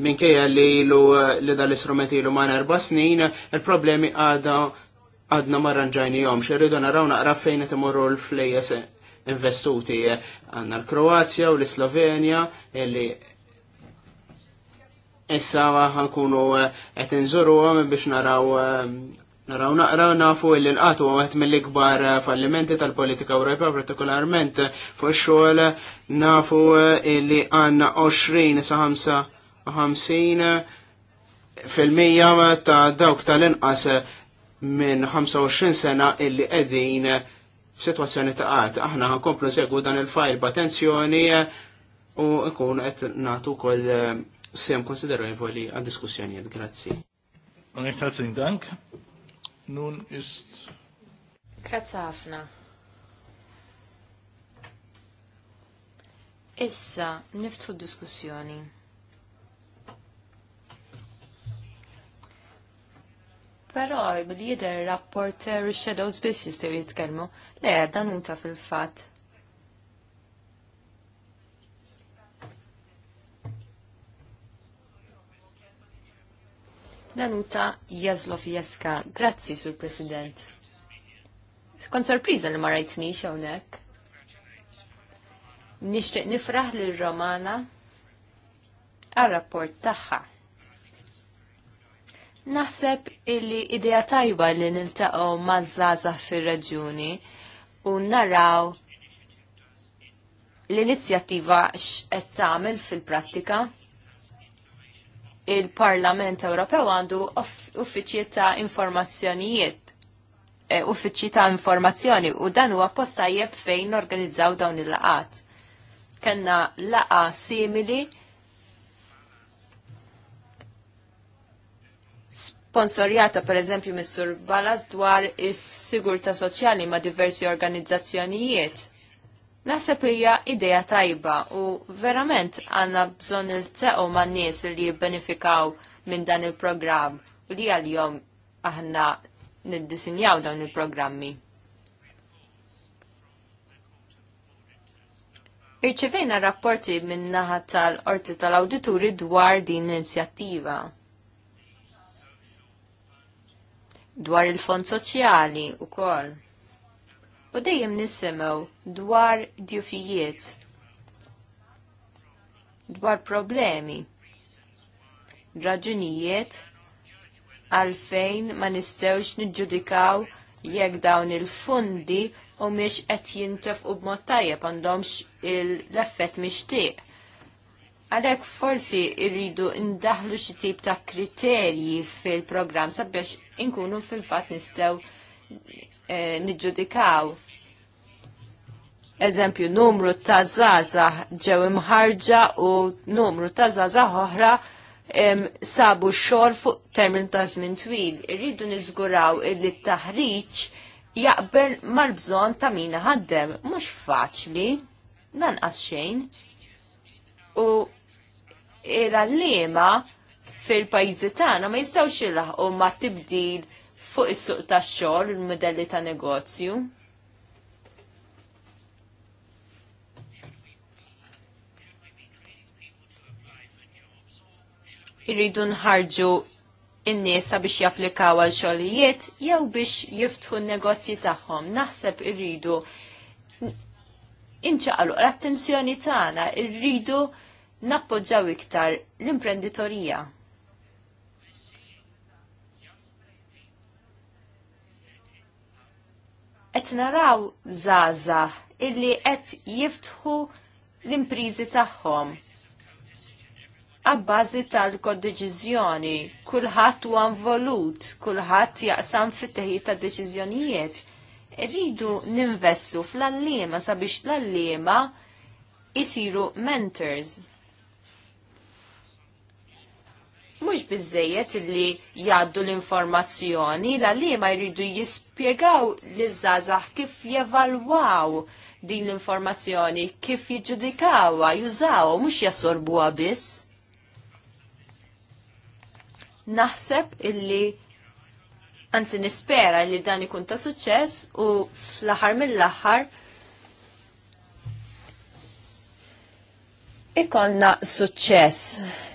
minkejja li ilu li dal-istrumenti ilu ma' erba snin, il-problemi għada għadna marranġajni jom, xerridu naraw naqra fejn qed imorru l-flejes investuti. Għanna l-Kroazja u l-Slovenja li issa ħankunu qed inżuru biex naraw Naraw naqraw nafu li l-qatu għet mill-ikbar fallimenti tal-politika Ewropea, partikolarment fuq xogħol nafu li għanna 20 sa 55 fil-mija ta' dawk tal-inqas minn 25 sena illi qegħdin f'sitwazzjoni ta' qatt. Aħna ħankomplu segwu dan il-fajl b'attenzjoni u nkun qed nagħtu wkoll sem konsiderevoli għad-diskussjonijiet. Grazzi. Għanirtazzin dank. Nun ist. Kratzafna. ħafna. Issa niftħu diskussjoni. Però bil-jider rapporter shadows biss te jitkellmu. Le, dan fil-fatt. Danuta Jazlovjeska. Grazzi, Sur President. Kon sorpriza li ma xawnek. Nishtiq nifraħ li romana għal-rapport taħħa. Naħseb illi ideja tajba li niltaqgħu mażaza fir-raġuni u naraw l-inizjattiva x'qed tagħmel fil-prattika il-Parlament Ewropew għandu uffiċċji ta' informazzjonijiet e, uffiċċji ta' informazzjoni u dan huwa post tajjeb fejn organizzaw dawn il-laqat. Kenna laqa simili sponsorjata per eżempju mis-Sur Balas dwar is-sigurta soċjali ma' diversi organizzazzjonijiet Naħseb hija ideja tajba u verament għandna bżonn il teqo ma' nies li jibbenefikaw minn dan il-programm u li għal-jom aħna niddisinjaw dawn il-programmi. Irċevejna rapporti minn naħa tal-orti tal-awdituri dwar din l-inizjattiva. Dwar il-fond soċjali u koll u dejjem nisimgħu dwar djufijiet, dwar problemi, raġunijiet għalfejn ma nistgħux niġġudikaw jekk dawn il-fundi u miex qed jintefqu b'mod tajjeb għandhomx l-effett mixtieq. Għalhekk forsi rridu ndaħlu xi tip ta' kriterji fil-programm sabiex inkunu fil-fatt nistgħu Eh, niġġudikaw eżempju numru ta' zaza ġew imħarġa u numru ta' zaza oħra sabu xor fuq termin ta' żmien twil. Irridu niżguraw illi taħriġ jaqbel mal bżonn ta' min ħaddem. Mhux faċli, lanqas xejn. U il-għallima fil-pajjiżi tagħna ma jistgħux jilaħqu ma' tibdil fuq is-suq tax-xogħol il-modelli ta' negozju. Irridu nħarġu in-nies biex japplikaw għal xogħlijiet jew biex jiftħu n-negozji tagħhom. Naħseb irridu inċaqalu l-attenzjoni tagħna, irridu nappoġġaw iktar l-imprenditorija. qed naraw zaza illi qed jiftħu l-imprizi tagħhom. Abbażi tal-kodeċiżjoni, kulħadd huwa involut, kulħadd jaqsam fit-teħid ta' deċiżjonijiet. Irridu ninvestu fl-allima sabiex l-allima isiru mentors mux bizzejiet li jgħaddu l-informazzjoni la li ma jridu jispjegaw li żgħażagħ kif jevalwaw din l-informazzjoni, kif jiġġudikawha, jużawha, mhux jassorbuha biss. Naħseb illi anzi nispera li dan ikun ta' suċċess u fl-aħħar mill-aħħar ikonna suċċess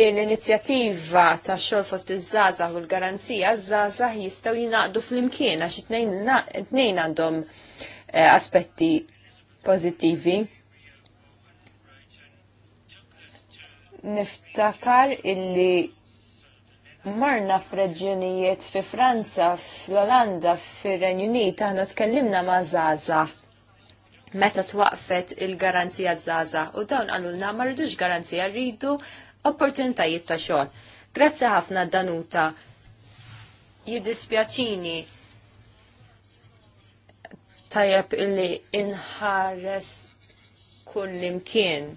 l-inizjattiva ta' xogħol fost iż-żgħażagħ u l-garanzija jistaw jistgħu jingħaqdu flimkien għax it nejn għandhom eh, aspetti pożittivi. Niftakar illi marna f'reġjunijiet fi Franza, fl-Olanda, fir-Renju Unit aħna tkellimna ma' zaza meta twaqfet il-garanzija żgħażagħ u dawn għalulna ma rridux garanzija rridu opportunitajiet ta' xogħol. Grazzi ħafna Danuta. Jiddispjaċini tajab illi inħares kull imkien.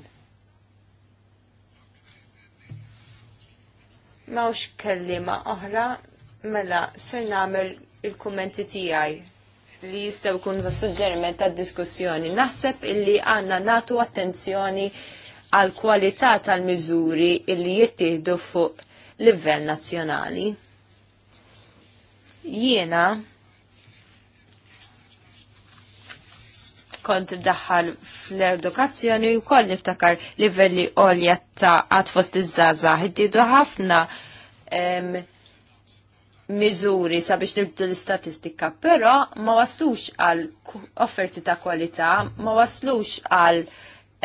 Mawx kellima oħra mela ser nagħmel il-kummenti tiegħi li jistaw kun ta' suġġeriment ta' diskussjoni. Naħseb illi għanna natu attenzjoni għal kwalità tal-miżuri illi jittieħdu fuq livell nazzjonali. Jiena kont daħħal fl-edukazzjoni u koll niftakar livelli olja ta' fost iż-żaza. Ħiddidu ħafna miżuri sabiex nibdu l-istatistika, però ma waslux għal offerti ta' kwalità, ma waslux għal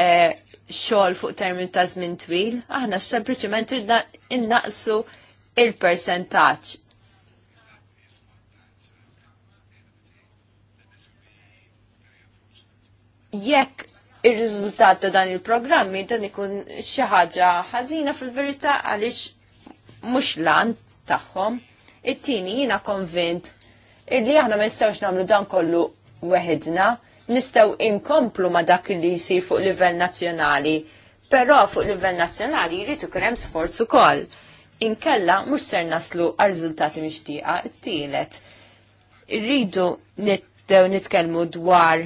eh, xogħol fuq termin ta' żmien twil, aħna sempliċement ridna innaqsu il-percentaġġ. Jekk ir-riżultat ta' dan il-programmi dan ikun xi ħaġa ħażina fil-verità għaliex mhux lan tagħhom. It-tieni jiena konvint illi aħna ma nistgħux nagħmlu dan kollu weħedna nistaw inkomplu ma dak li jisir fuq livell nazzjonali, però fuq livell nazzjonali jritu krem hemm sforz ukoll. Inkella mhux ser naslu għal riżultati mixtieqa tielet. Irridu nittew nitkellmu dwar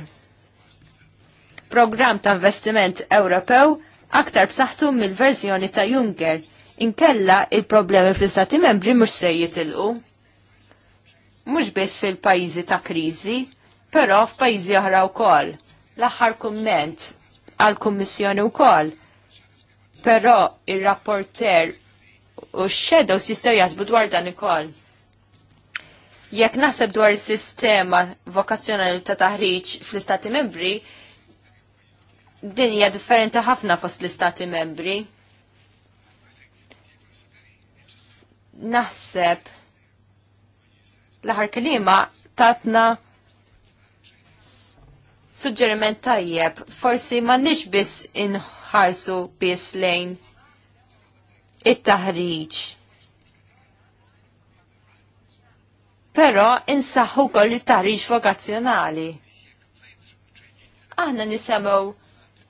program ta' investiment Ewropew aktar b'saħħtu mill-verżjoni ta' Juncker. Inkella il-problemi fl-istati membri mhux se jitilqu mux biss fil-pajizi ta' krizi, però f'pajjiżi oħra wkoll. L-aħħar kumment għall-Kummissjoni wkoll. Però ir-rapporter u x-shadows jistgħu jaħsbu dwar dan ukoll. Jekk naħseb dwar is-sistema vokazzjonali ta' taħriġ fl-Istati Membri, din hija differenti ħafna fost l-Istati Membri. naħseb l aħħar kelima tatna suġġeriment tajjeb, forsi ma nix biss inħarsu biss lejn it-taħriġ. Pero insaħħu koll it-taħriġ vokazzjonali. Aħna nisemaw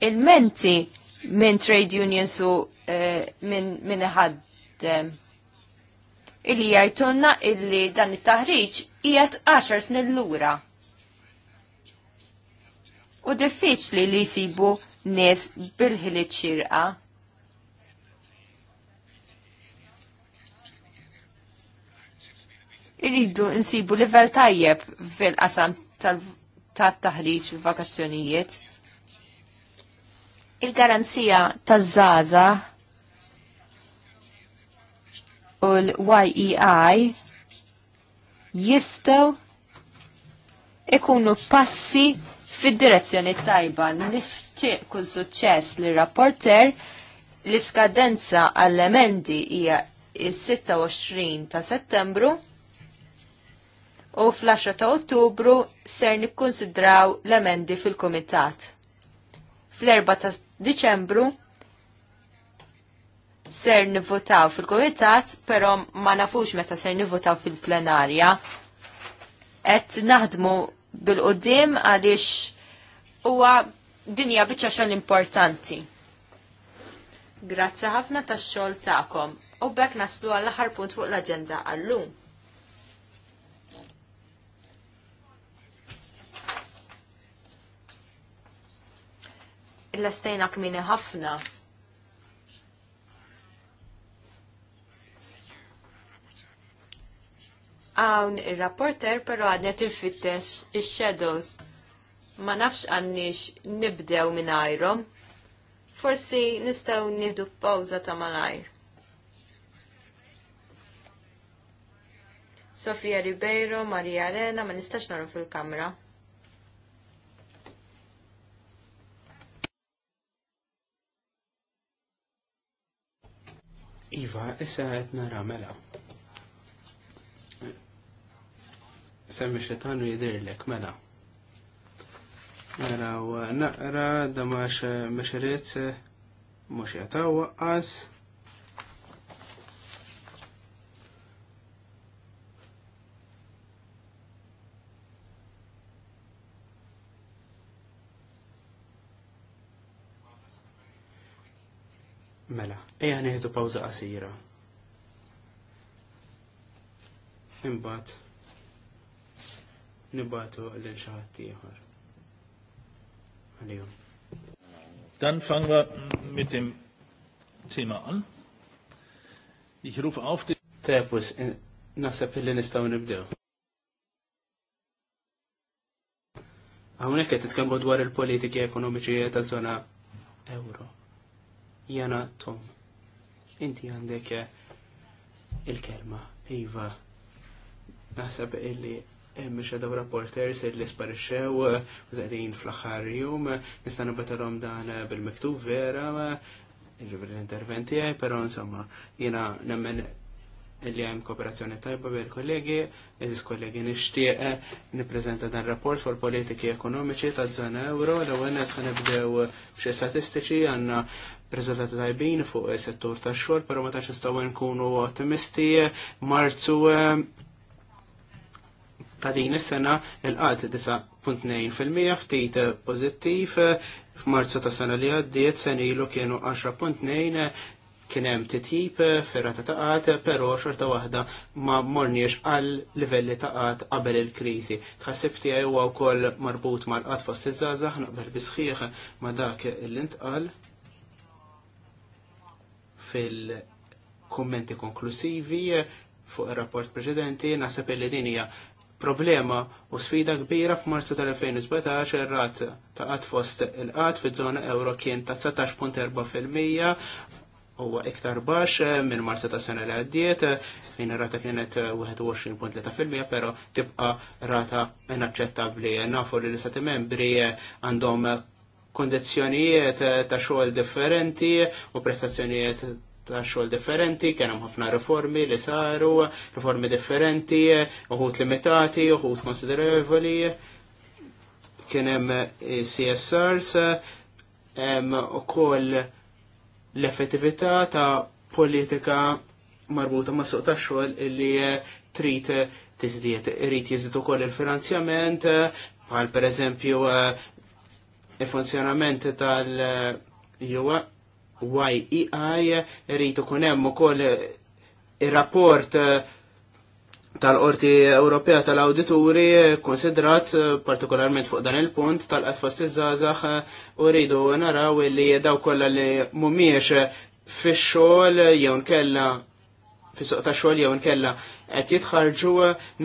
il-menti minn trade unions u eh, minn min il Illi jajtunna illi dan it-taħriġ qiegħed 10 snin lura u diffiċli li jsibu nies bil ħili ċirqa. Irridu nsibu livell tajjeb fil-qasam tal-taħriġ fil-vakazzjonijiet. Il-garanzija taż-żaza u l-YEI jistaw ikunu passi fid-direzzjoni tajba. Nixtieq kull suċċess li rapporter l-iskadenza għall-emendi hija il 26 ta' Settembru u fl-10 ta' Ottubru ser nikkonsidraw l-emendi fil-Kumitat. Fl-4 ta' Diċembru ser nivvotaw fil-komitat, pero ma nafux meta ser nivvotaw fil-plenarja. Et naħdmu bil-qoddim għaliex huwa dinja biċċa xogħol importanti. Grazzi ħafna tax-xogħol tagħkom u bekk naslu għall-aħħar punt fuq l-aġenda għallum. il estejna kmini ħafna. Għawn il-rapporter pero għadnet il-fittes, il-shadows ma nafx għannix nibdew minn ajrom. Forsi nistaw nieħdu pawza ta' malajr. Sofia Ribeiro, Maria Arena, ma nistax naru fil-kamra. Iva, issa qed nara mela. Semmi xitanu jidirlek mela naraw mela, naqra damax meċeriet mux jataw waqqas. Mela, eja neħdu pawza qasira. Imbat, nibatu l-inxaħat tiħor għalihom. Dan fangen mit dem Thema an. Ich rufe auf die... den... Tepus, nasab illi und nibdew. Għawnek għet titkambu dwar il-politiki ekonomiċi tal-zona euro. Jana Tom, inti għandek il-kelma, Iva, nasab illi Hemm rapporter rapporters li sparixxew żgħarin fl-aħħar jum, nista' nibetalhom dan bil-miktub vera, ġibri l-interventi għaj, pero insomma, jina nemmen li għajm kooperazzjoni tajba bil kollegi, eżis kollegi nishtiq niprezenta dan rapport fuq politiki ekonomiċi ta' zona euro, l għennet nibdew bxie statistiċi għanna rizultati tajbin fuq settur ta' xol, pero ma ta' xistaw nkunu ottimisti, marzu ta' din is-sena il-qad 9.2% ftit pożittiv f'Marzu ta' sena li għaddiet sen ilu kienu 10.2 kien hemm titjib ferrata ta' qat, però xorta waħda ma morniex għal livelli ta' qat qabel il-kriżi. Tħassib tiegħi huwa wkoll marbut mal-qat fost iż-żgħażagħ naqbel bisħieħ ma' dak l-intqal fil-kommenti konklusivi fuq ir-rapport preċedenti naħseb li din hija problema u sfida kbira f'Marzu tal-2017 ir-rat ta' qatt fost il-qatt fiż-żona euro kien ta' 19.4 huwa iktar baxx eh, minn Marzu ta' sena li għaddiet eh, fejn ir-rata kienet 21.3% eh, però tibqa' rata inaċċettabbli. Nafu li l-istati membri għandhom kondizzjonijiet ta' xogħol differenti u prestazzjonijiet ta' xogħol differenti, kien hemm ħafna riformi li saru, riformi differenti, uħut limitati, uħut konsiderevoli, kien hemm eh, CSRs, hemm ukoll l-effettività ta' politika marbuta ma' suq ta' xogħol illi eh, trid tiżdiet, irid jiżdied ukoll il-finanzjament, bħal pereżempju eh, il-funzjonament tal-juwa YEI rritu kunem u koll il-rapport eh, tal-Qorti Ewropea tal-Awdituri eh, konsidrat eh, partikolarment fuq dan il-punt tal-qatfas iż-żazax u rridu naraw li daw kollha li mhumiex fix-xogħol jew nkella fis-suq ta' xogħol jew nkella qed jitħarġu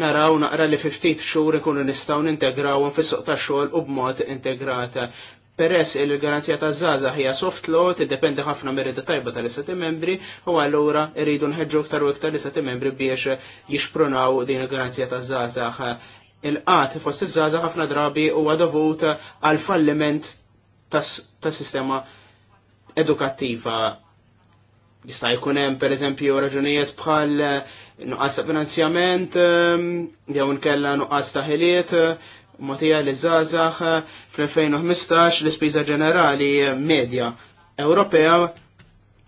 naraw naqra li fi ftit xhur ikunu nistgħu nintegrawhom fis-suq ta' xogħol u b'mod integrat. Peress il-garanzija ta' zaza hija soft law, tiddependi ħafna merida tajba tal-istati membri, u allura rridu nħedġu iktar u iktar l-istati membri biex jixpronaw din il-garanzija ta' zaza. Il-qat fost iż-żaza ħafna drabi u għadovut għal-falliment ta' sistema edukattiva. Jista' jkun hemm pereżempju raġunijiet bħal nuqqas ta' finanzjament, ehm, jew nkella nuqqas ta' ħiliet, motija li zazax eh, fl-2015 l-ispiża ġenerali eh, medja Ewropea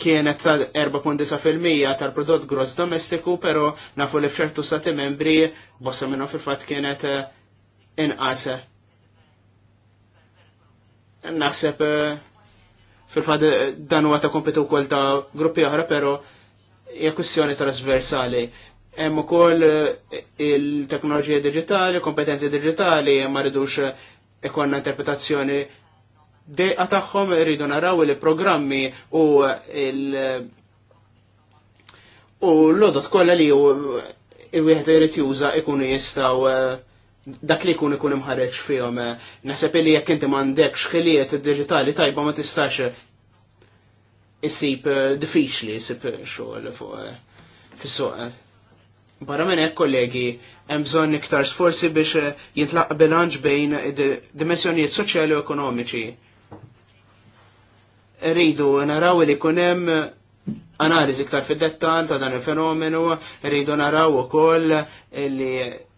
kienet tal-4.9% tal-prodott gross domestiku, pero nafu li fċertu stati membri bossa minnu fil-fat kienet eh, inqas. Naħseb fil-fat dan huwa ta' kompetu kol ta' gruppi oħra, pero hija kwistjoni trasversali. Hemm ukoll eh, il-teknoloġija diġitali, kompetenzi diġitali, ma rridux eh, ikonna interpretazzjoni dejqa tagħhom irridu naraw il-programmi u eh, il- u l-lodot kollha li wieħed irid juża ikunu jistgħu dak li jkun ikun imħarreġ fihom. Naħseb li jekk inti m'għandekx id-diġitali tajba ma tistax isib diffiċli isib xogħol fuq fis soqgħet Barra minn hekk kollegi, hemm bżonn iktar sforzi biex eh, jintlaq bilanċ bejn dimensjonijiet soċjali u ekonomiċi. Rridu naraw li kunem hemm eh, analiżi iktar fid-dettal ta' dan il-fenomenu, rridu naraw ukoll li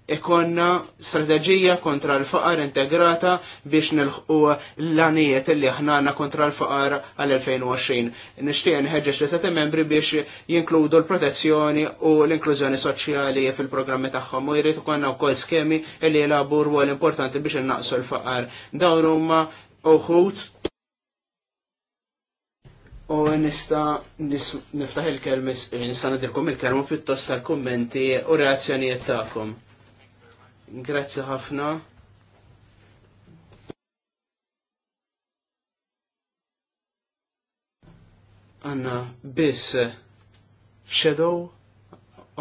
ikonna strategija kontra l-faqar integrata biex nilħu l-għanijiet li ħnana kontra l-faqar għal-2020. Nishtiq nħedġeġ li sete membri biex jinkludu l-protezzjoni u l-inklużjoni soċjali fil-programmi tagħhom u jrid ikonna wkoll skemi li jilabu rwol importanti biex innaqsu l-faqar. Dawn huma uħut U nista niftaħ il-kelm, nista nadirkom il-kelma pjuttost tal-kommenti u reazzjonijiet tagħkom. Grazzi ħafna. Anna biss shadow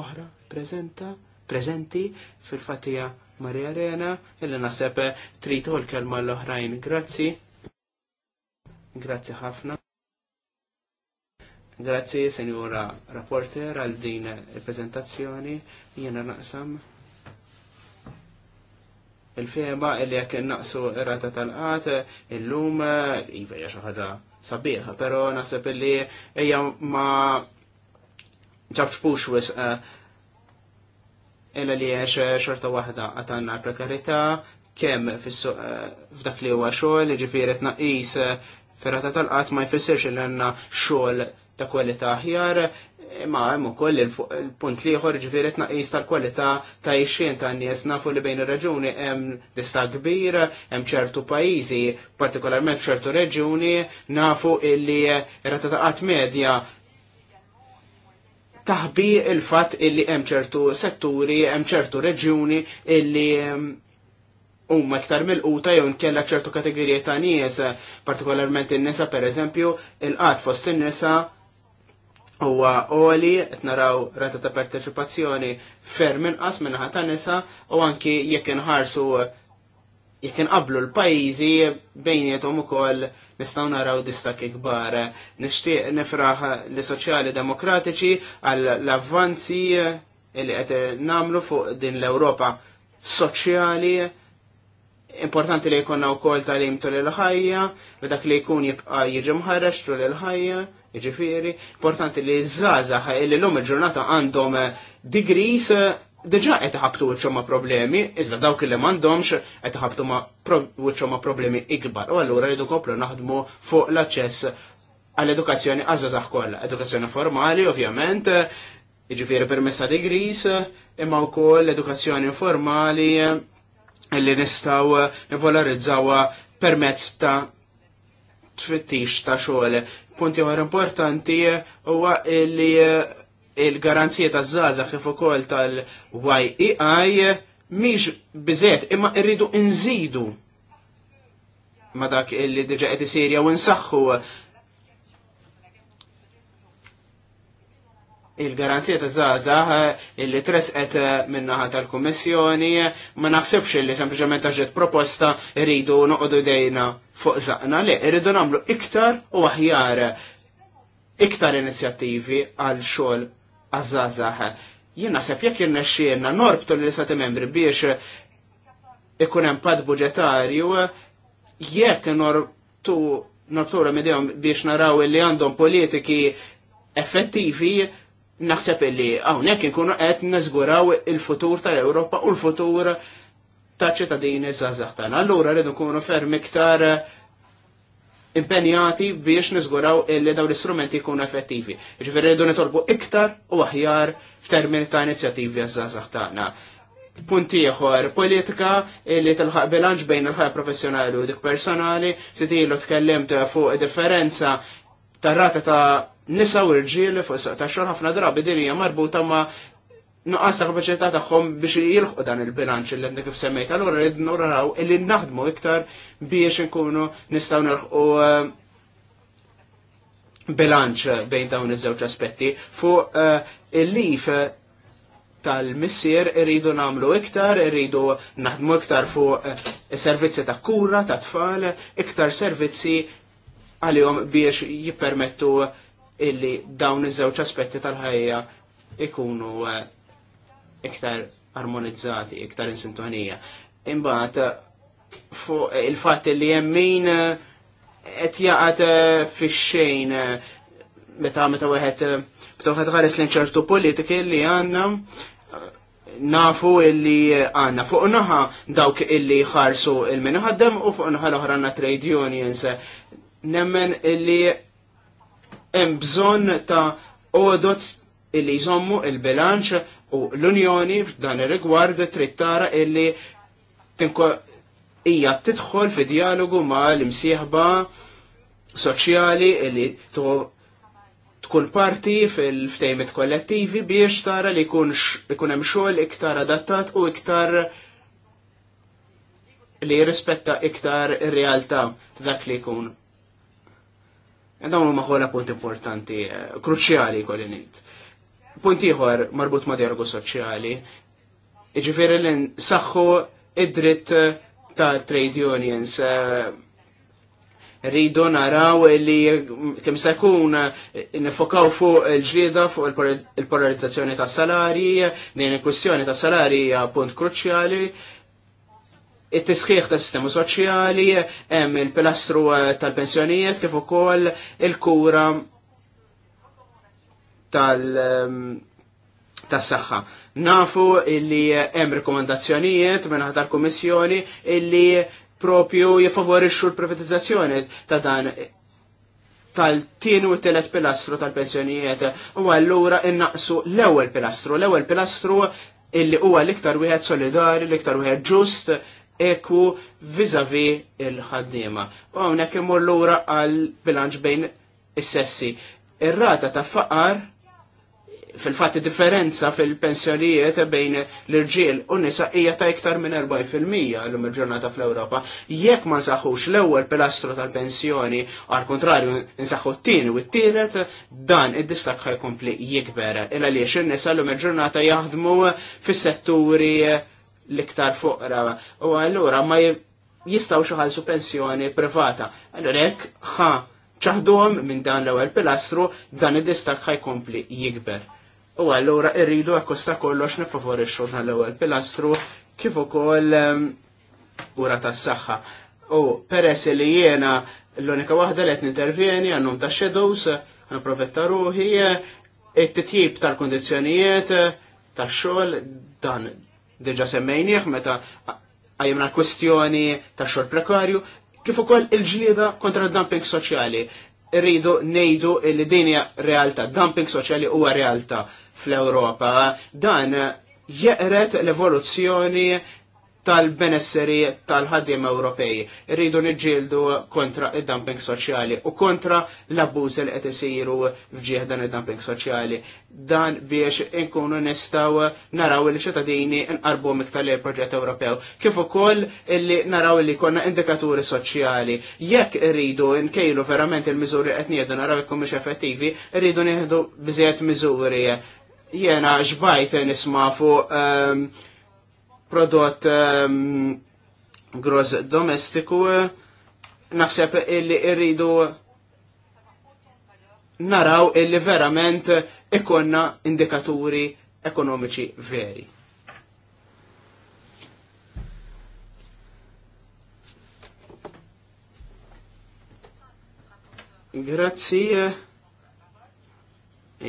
oħra prezenta, prezenti fil-fatija Maria Arena, illi naħseb trid l-kelma l-oħrajn. Grazzi. Grazzi ħafna. Grazzi, senjura rapporter, għal din il-prezentazzjoni. jiena naqsam il-fema li jekk naqsu rata tal-qat, illum lum iva, hija xi ħaġa sabiħa, però naħseb illi hija ma ġabx pux wis eh, illa li għax xorta waħda għatanna prekarita kemm eh, f'dak li huwa xogħol, ġifieri tnaqqis eh, ferrata tal qat ma jfissirx li għandna xogħol ta' kwalita aħjar, imma hemm ukoll il-punt liħor ġifieri tnaqqis tal-kwalità ta' ixxien ta' nies nafu li bejn ir-raġuni hemm dista kbir, hemm ċertu pajjiżi, partikolarment f'ċertu reġuni nafu illi rata ta' qatt medja taħbi il-fatt illi hemm ċertu setturi, hemm ċertu reġjuni illi mm, umma iktar mill-quta jew kella ċertu kategorija ta' nies, partikolarment in-nisa pereżempju, il-qatt fost in-nisa huwa oli qed naraw rata ta' parteċipazzjoni ferm inqas minnaħa ta' nisa u anki jekk inħarsu jekk inqablu l-pajjiżi bejnietom ukoll nistgħu naraw distak kbar. Nixtieq nifraħ li soċjali demokratiċi għall avvanzi li qed nagħmlu fuq din l-Ewropa soċjali Importanti li jkunna u kol tal-im tul il-ħajja, u dak li jkun jibqa jiġi mħarraġ tul il-ħajja, ġifiri. Importanti li zaza li l-lum il-ġurnata għandhom degrees Deġa qed ħabtu ma' problemi, iżda dawk li m'għandhomx qed ħabtu ma' wiċċhom ma' problemi ikbar. U allura rridu koplu naħdmu fuq l-aċċess għall-edukazzjoni għażażaħ kollha. Edukazzjoni formali, ovvjament, jiġifieri permessa degrees, imma wkoll edukazzjoni informali illi nistaw eh, nivolarizzawa eh, permezz ta' tfittix ta' xogħol. Punti għar importanti eh, huwa illi il-garanzija ta' zaza kif ukoll tal-YEI miex biżet imma irridu nżidu ma dak illi diġa qed isir jew insaħħu il-garanzija ta' zaza eh, illi tresqet eh, minnaħat tal-Kommissjoni eh, ma naħsibx illi sempliċement ġiet proposta rridu noqogħdu dejna fuq zaqna li rridu nagħmlu iktar u aħjar iktar inizjattivi għal xogħol Jina Jien naħseb jekk xienna norbtu lil istati membri biex ikun hemm pad budgetarju jekk norbtu norbtu midhom biex naraw li għandhom politiki effettivi naħseb illi hawnhekk inkunu qed niżguraw il-futur tal-Ewropa u l-futur ta' ċittadini żgħażagħ tagħna. Allura rridu kunu ferm iktar impenjati biex niżguraw illi dawn l-istrumenti jkunu effettivi. Ġifir rridu nitolbu iktar u aħjar f'termini ta' inizjattivi żgħażagħ tagħna punti jħor politika li tilħaq bilanċ bejn il-ħajja professjonali u dik personali, t tkellimt fuq differenza tar-rata ta' nisa u rġieli fuq saq ta' xogħol ħafna drabi din hija marbuta ma' nuqqas ta' kapaċità tagħhom biex jilħqu dan il-bilanċ li għandek semmejt. Allura rrid nuraw illi naħdmu iktar biex inkunu nistgħu nilħqu eh, bilanċ bejn dawn iż-żewġ aspetti. Fuq eh, il-lif tal-missier irridu namlu iktar, irridu naħdmu iktar fuq eh, servizzi ta' kura, ta' tfal, iktar servizzi għalihom biex jippermettu illi dawn iż-żewġ aspetti tal-ħajja ikunu eh, iktar armonizzati, iktar insintonija. Imbagħad eh, fuq il-fatt li hemm min eh, qed jaqgħad fix-xejn meta meta wieħed b'toħed ħares lejn ċertu politiki li għandna nafu illi għanna fuq naħa dawk illi ħarsu il-minħaddem u fuq naħa l-oħra trade unions. Nemmen illi hemm bżonn ta' odot illi jżommu il-bilanċ u l-Unjoni f'dan ir-rigward trid tara illi hija tidħol fi dialogu ma' l-imsieħba soċjali illi tkun parti fil-ftejmet kollettivi biex tara li jkun hemm xogħol iktar adattat u iktar li jirrispetta iktar ir-realtà dak li jkun E dawn huma kollha punt importanti, eh, kruċjali kolli ngħid. Punt ieħor marbut ma' dialogu soċjali, jiġifieri li nsaħħu id-dritt ta' trade unions eh, rridu naraw li kemm se jkun eh, nifokaw fuq il-ġlieda fuq il-polarizzazzjoni tas salarji, din il-kwistjoni tas salarji hija punt kruċjali, it-tisħiħ ta' sistema soċjali, hemm il-pilastru eh, tal-pensjonijiet kif ukoll il-kura tal- ehm, tas-saħħa. Nafu illi hemm rekomendazzjonijiet minn tal-Kummissjoni illi propju jifavorixxu l-privatizzazzjoni ta' dan tal-tieni u t-telet pilastru tal-pensjonijiet. U allura innaqsu l-ewwel pilastru, l-ewwel pilastru illi huwa l-iktar wieħed solidari, l-iktar wieħed ġust, eku vizavi il-ħaddima. U għonek imur l-ura għal bilanċ bejn is-sessi. Ir-rata ta' faqar fil-fatti differenza fil-pensjonijiet bejn l-irġiel u nisa hija ta' iktar minn 40% l-lum il-ġurnata fl-Ewropa. Jekk ma nsaħux l-ewwel pilastru tal-pensjoni, għal kontrarju nsaħħu t-tieni u t-tielet, dan id-distak ħajkompli jikber. Illa li in-nisa l-lum il-ġurnata jaħdmu fis-setturi l-iktar fuqra u allura ma jistaw su pensjoni privata. Allura jek ħa ċaħduhom minn dan l-ewwel pilastru dan id-distak ħajkompli jikber. U allura irridu akkosta kollox nifavorixxu dan l-ewwel pilastru kif ukoll ehm, ura tas-saħħa. U peress li jiena l-unika waħda li qed nintervjeni għannum ta' shadows, għannu provetta ruħi, it-titjib tal-kondizjonijiet, tax-xogħol dan deġa semmejnieħ meta għajmna kwestjoni ta' xor prekarju, kif ukoll il-ġlieda kontra dumping soċjali. Rridu nejdu li din hija realtà, dumping soċjali huwa realtà fl-Ewropa. Dan jeqret l-evoluzzjoni tal-benesseri tal-ħaddim Ewropej. Rridu niġġieldu kontra id-dumping soċjali u kontra l-abbuż li qed isiru fġieħ dan id-dumping soċjali. Dan biex inkunu nistgħu naraw li ċittadini nqarbu miktar lejn proġett Ewropew. Kif ukoll illi naraw li konna indikaturi soċjali. Jekk irridu nkejlu verament il-miżuri qed nieħdu naraw ikun mhux effettivi, rridu nieħdu biżejjed miżuri. Jena ġbajt nisma' fuq ehm, prodott ehm, gross domestiku eh, naħseb illi irridu naraw illi verament ikonna indikaturi ekonomiċi veri. Grazzi. Eh,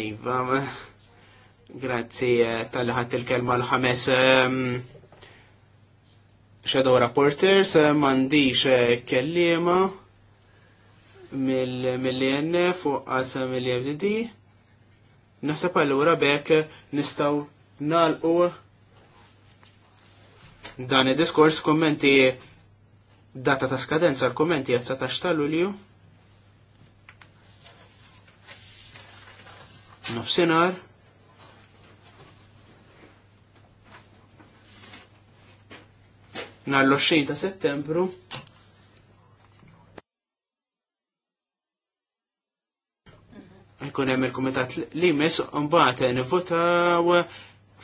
iva, eh, grazzi tal-ħat il-kelma l-ħames. Um, Shadow Reporters, eh, mandiċ eh, kellima mill-INF u għasa mill-FDD. Nasab għallura bekk nistaw nalqu dan il-diskors kommenti data ta' skadenza l-kommenti għazza ta' Lulju. Nofsinar. nar l-20 ta' settembru jkun hemm il-kumitat li mis mbagħad nivotaw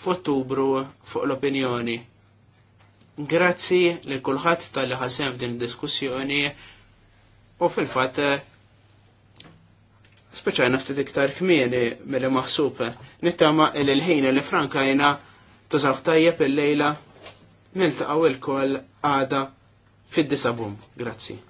f'Ottubru fuq l-opinjoni. Grazzi lil kulħadd tal-li ħasem din id-diskussjoni u fil-fatt speċajna ftit iktar kmieni mill-maħsub nittama il-ħin li frankajna tużaf tajjeb il-lejla niltaqgħu il kol għada fid-disabum. Grazzi.